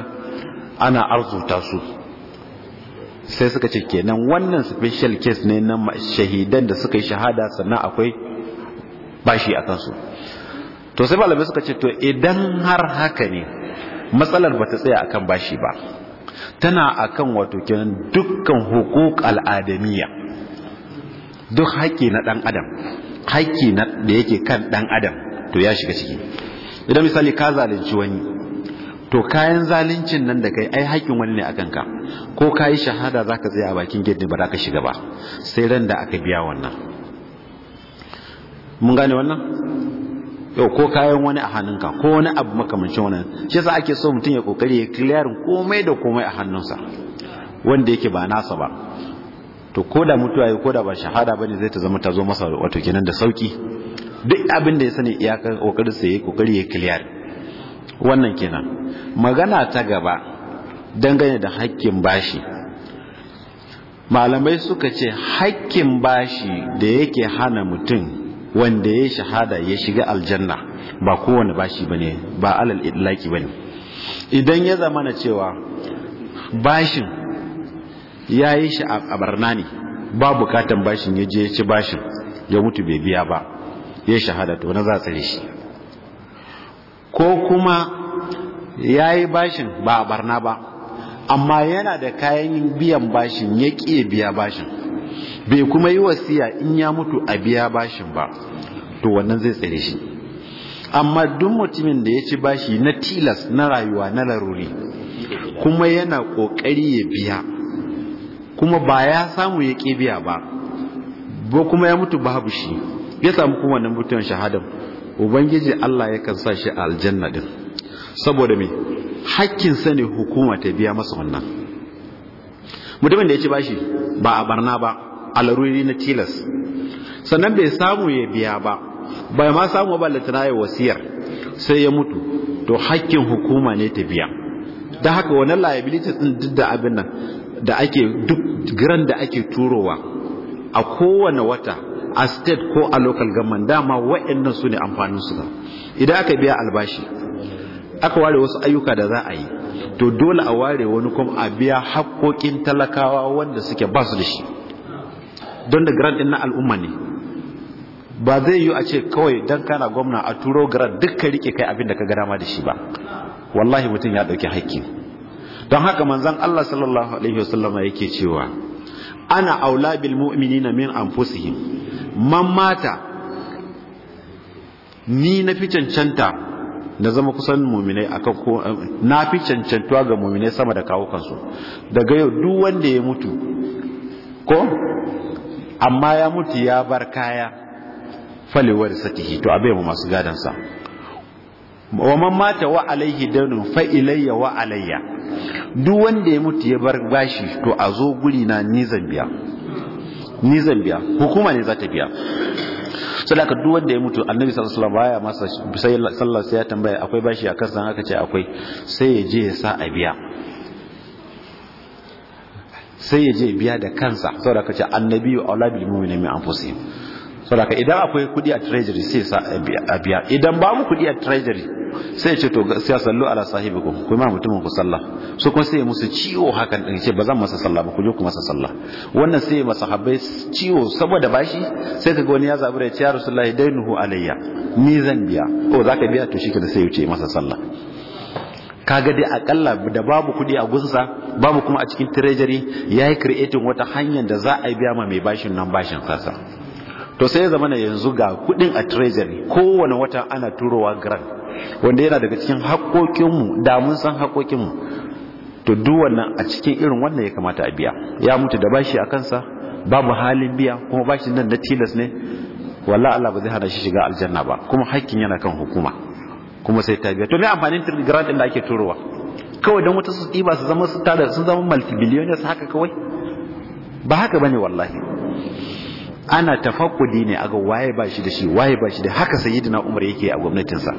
ana arzuta su sai suka ce kenan wannan special case ne na shahidan da suka yi shahada sannan akwai bashi a kansu to sai malamai suka ce to idan har haka ne matsalar ba ta tsaya akan bashi ba tana akan wato kenan dukkan hukuk al'adamiya duk haƙƙi na ɗan adam haƙƙi da yake kan ɗan adam to ya shiga ciki idan misali ka zalunci wani to kayan zaluncin nan da kai ai haƙƙin wani ne a ka, ko ka yi shahada za ka a bakin gate ba za ka shiga ba sai ran da aka biya wannan mun gane wannan yau ko kayan wani a hannunka ko wani abu makamancin wani shi yasa ake so mutum ya kokari ya clearin komai da komai a hannunsa wanda yake ba nasa ba to ko da mutuwa ko da ba shahada bane zai ta zama ta zo masa wato kenan da sauki duk abin da ya sani iyakar kokarin sa yi kokari ya clear wannan kenan magana ta gaba dangane da hakkin bashi malamai suka ce hakkin bashi da yake hana mutum wanda ya shahada ya shiga aljanna ba kowane bashi bane ba alal itlaki bane idan ya zama na cewa bashin ya yi shi a barna ne ba bukatan bashin ya je ci bashin ya mutu bai biya ba ya shahada to na za a tsare shi ko kuma ya yi bashin ba a barna ba amma yana da kayan biyan bashin ya ƙi biya bashin bai kuma yi wasiya in ya mutu a biya bashin ba to wannan zai tsare shi amma duk mutumin da ya ci bashi na tilas na rayuwa na laruri kuma yana kokari ya biya kuma ba ya samu ya ke biya ba ba kuma ya mutu babu shi ya samu kuma wannan mutuwan shahadar ubangiji Allah yakan sa shi a aljanna din saboda mai hakkin sa ne hukuma ta biya masa wannan mutumin da ya ci bashi ba a barna ba a laruri na tilas sannan bai samu ya biya ba bai ma samu ba latana ya wasiyar sai ya mutu to hakkin hukuma ne ta biya da haka wani liability din duk da abin nan da ake duk giran da ake turowa a kowane wata a state ko a local government dama wa'annan su ne amfanin su idan aka biya albashi aka ware wasu ayyuka da za a yi to dole a ware wani kuma a biya haƙoƙin talakawa wanda suke ba su da shi don da grand din na al'umma ne ba zai yi a ce kawai don kana gwamna a turo grand dukkan rike kai abin da ka gada ma da shi ba wallahi mutum ya ɗauki haƙƙi don haka manzan Allah sallallahu alaihi wasallam yake cewa ana aula bil mumini na min anfusihim man mata ni na fi cancanta na zama kusan muminai akan ko na fi cancantuwa ga muminai sama da kawukansu. daga yau duk wanda ya mutu ko amma ya mutu ya bar kaya falewar satihi to abai mu masu gadansa wa man mata wa alaihi dawnun fa ilayya wa alayya duk wanda ya mutu ya bar bashi to a zo guri na ni zan ni zan biya hukuma ne za ta biya sai ka duk wanda ya mutu annabi sallallahu alaihi wasallam baya masa sallallahu sai ya tambaya akwai bashi a kansa aka ce akwai sai ya je ya sa a biya sai ya je biya da kansa saboda kace annabi wa aulabil mu'minina min anfusihim saboda idan akwai kudi a treasury sai sa a biya idan ba mu kudi a treasury sai ce to gaskiya sallu ala sahibikum ku ma mutumin ku sallah su kuma sai musu ciwo hakan din ce ba zan masa sallah ba ku je ku masa sallah wannan sai masa habai ciwo saboda bashi sai kaga wani ya zabi ya ya rasulullahi dainuhu alayya ni zan biya ko oh, zaka biya to shi shikenan sai ya wuce masa sallah kaga dai akalla da babu kudi a gunsa babu kuma a cikin treasury yayi creating wata hanyar da za a biya ma mai bashin nan bashin sasa to sai ya zama na yanzu ga kudin a treasury kowane wata ana turowa grant wanda yana daga cikin haƙoƙinmu da mun san haƙoƙinmu to duk wannan a cikin irin wannan ya kamata a biya ya mutu da bashi a kansa babu halin biya kuma bashin nan na tilas ne wallahi Allah ba zai hana shi shiga aljanna ba kuma haƙƙin yana kan hukuma kuma sai ta biya to me amfanin grant din da ake turowa kawai dan wata su diba su zama su tada sun zama multi billionaires haka kawai ba haka bane wallahi ana tafakkudi ne aga waye ba shi da shi waye ba shi da haka sayyidina umar yake a gwamnatinsa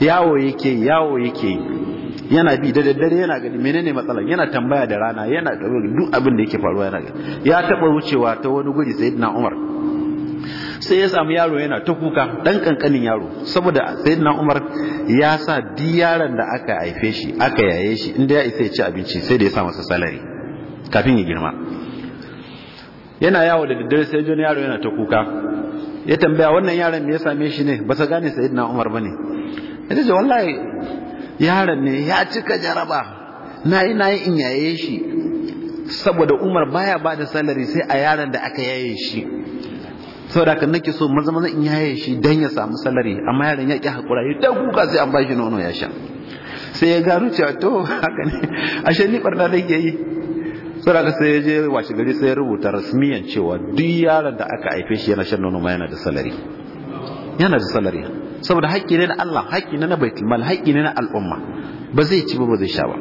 yawo yake yawo yake yana bi da daddare yana gani menene matsalar yana tambaya da rana yana duk abin da yake faruwa yana gani ya taba wucewa ta wani guri sayyidina umar sai ya samu yaro yana ta kuka dan kankanin yaro saboda sayyidina umar ya sa diyaran yaron da aka haife shi aka yaye shi inda ya isa ya ci abinci sai da ya sa masa salari kafin ya girma yana yawo da daddare sai jini yaro yana ta kuka ya tambaya wannan yaron me ya same shi ne ba sa gane sayyidina Umar bane ya ce wallahi yaron ne ya cika jaraba na nayi nayi in yaye shi saboda Umar baya ba da salari sai a yaron da aka yaye shi saboda kan nake so maza maza in yaye shi dan ya samu salari amma yaron ya ki hakura ya dan kuka sai an bashi nono ya sha sai ya gano cewa to haka ne ashe ni barna nake yi sura ka sai je washe gari sai rubuta rasmiyan cewa duk yaron da aka haife shi yana shan nono ma yana da salari yana da salari saboda haƙƙi ne na Allah haƙƙi ne na baitul mal haƙƙi ne na al'umma ba zai ci ba ba zai sha ba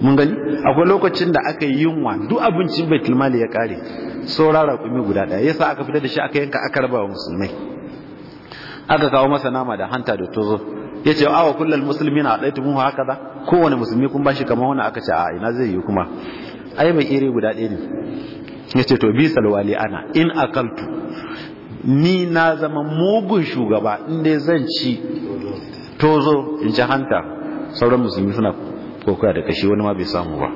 mun gani akwai lokacin da aka yi yunwa duk abincin baitul mal ya kare saurara raƙumi guda ɗaya yasa aka fitar da shi aka yanka aka raba wa musulmai aka kawo masa nama da hanta da tozo ya ce awa kullal musulmi na ɗaya tumun haka da kowane musulmi kun bashi kamar wani aka ce a ina zai yi kuma ai mai iri guda ɗaya ne ya ce to bi salwali ana in akaltu ni na zama mugun shugaba inda zan ci tozo in ci hanta sauran musulmi suna kokoya da kashi wani ma bai samu ba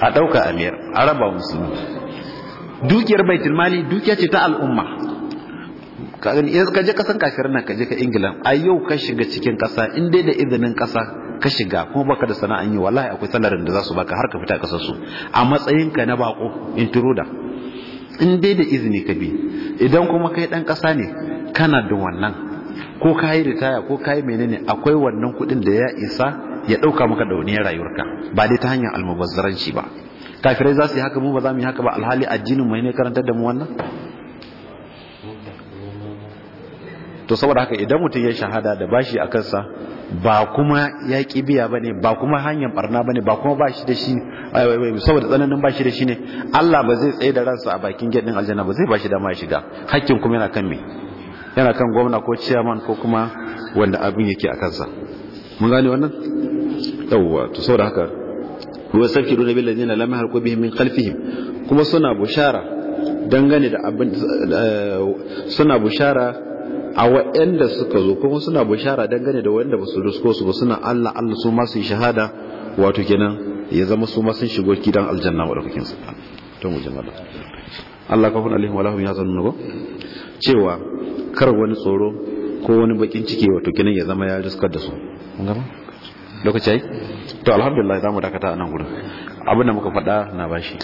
a ɗauka amir a raba musulmi dukiyar baitulmali mali dukiya ce ta al'umma ka gani idan ka je kasan kafir nan ka je ka England a yau ka shiga cikin kasa in dai da izinin kasa ka shiga kuma baka da sana'an yi wallahi akwai salarin da za su baka har ka fita kasar su a matsayin ka na bako intruder in dai da izini ka bi idan kuma kai dan kasa ne kana da wannan ko ka yi ritaya ko ka yi menene akwai wannan kuɗin da ya isa ya ɗauka maka da wani rayuwarka ba dai ta hanyar almubazzaranci ba kafirai za su yi haka mu ba za mu yi haka ba alhali addinin mai ne karantar da mu wannan to saboda haka idan mutum ya shahada da bashi a kansa ba kuma ya kibiya biya ba ne ba kuma hanyar barna ba ne ba kuma bashi da shi eh, eh, eh, saboda tsananin bashi da shi ne Allah ba zai tsaye da ransa a bakin gedin aljanna ba zai bashi dama ya shiga hakkin kuma yana kan me yana kan gwamna ko ciyaman ko kuma wanda abin yake a kansa mun gane wannan yawa to saboda haka wa sarkiruna bil ladina lam yahqu bihim min khalfihim kuma suna bushara dangane da abin suna bushara a waɗanda suka zo kuma suna bishara dangane da waɗanda ba su risko su ba suna Allah Allah su masu yi shahada wato kenan ya zama su masu sun shigo gidan aljanna wa daukakin su to mu jama'a Allah kafin alaihim wa lahum yazannu ba cewa kar wani tsoro ko wani bakin ciki wato kenan ya zama ya riskar da su mun gama lokaci ai to alhamdulillah mu dakata anan gurin abinda muka faɗa na bashi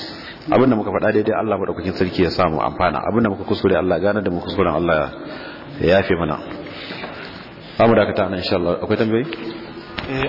abinda muka faɗa daidai Allah madaukakin sarki ya samu amfana abinda muka kuskure Allah gane da mu kuskuren Allah ya. ya yafe mana amma da ka ta nan insha Allah akwai tambayoyi eh,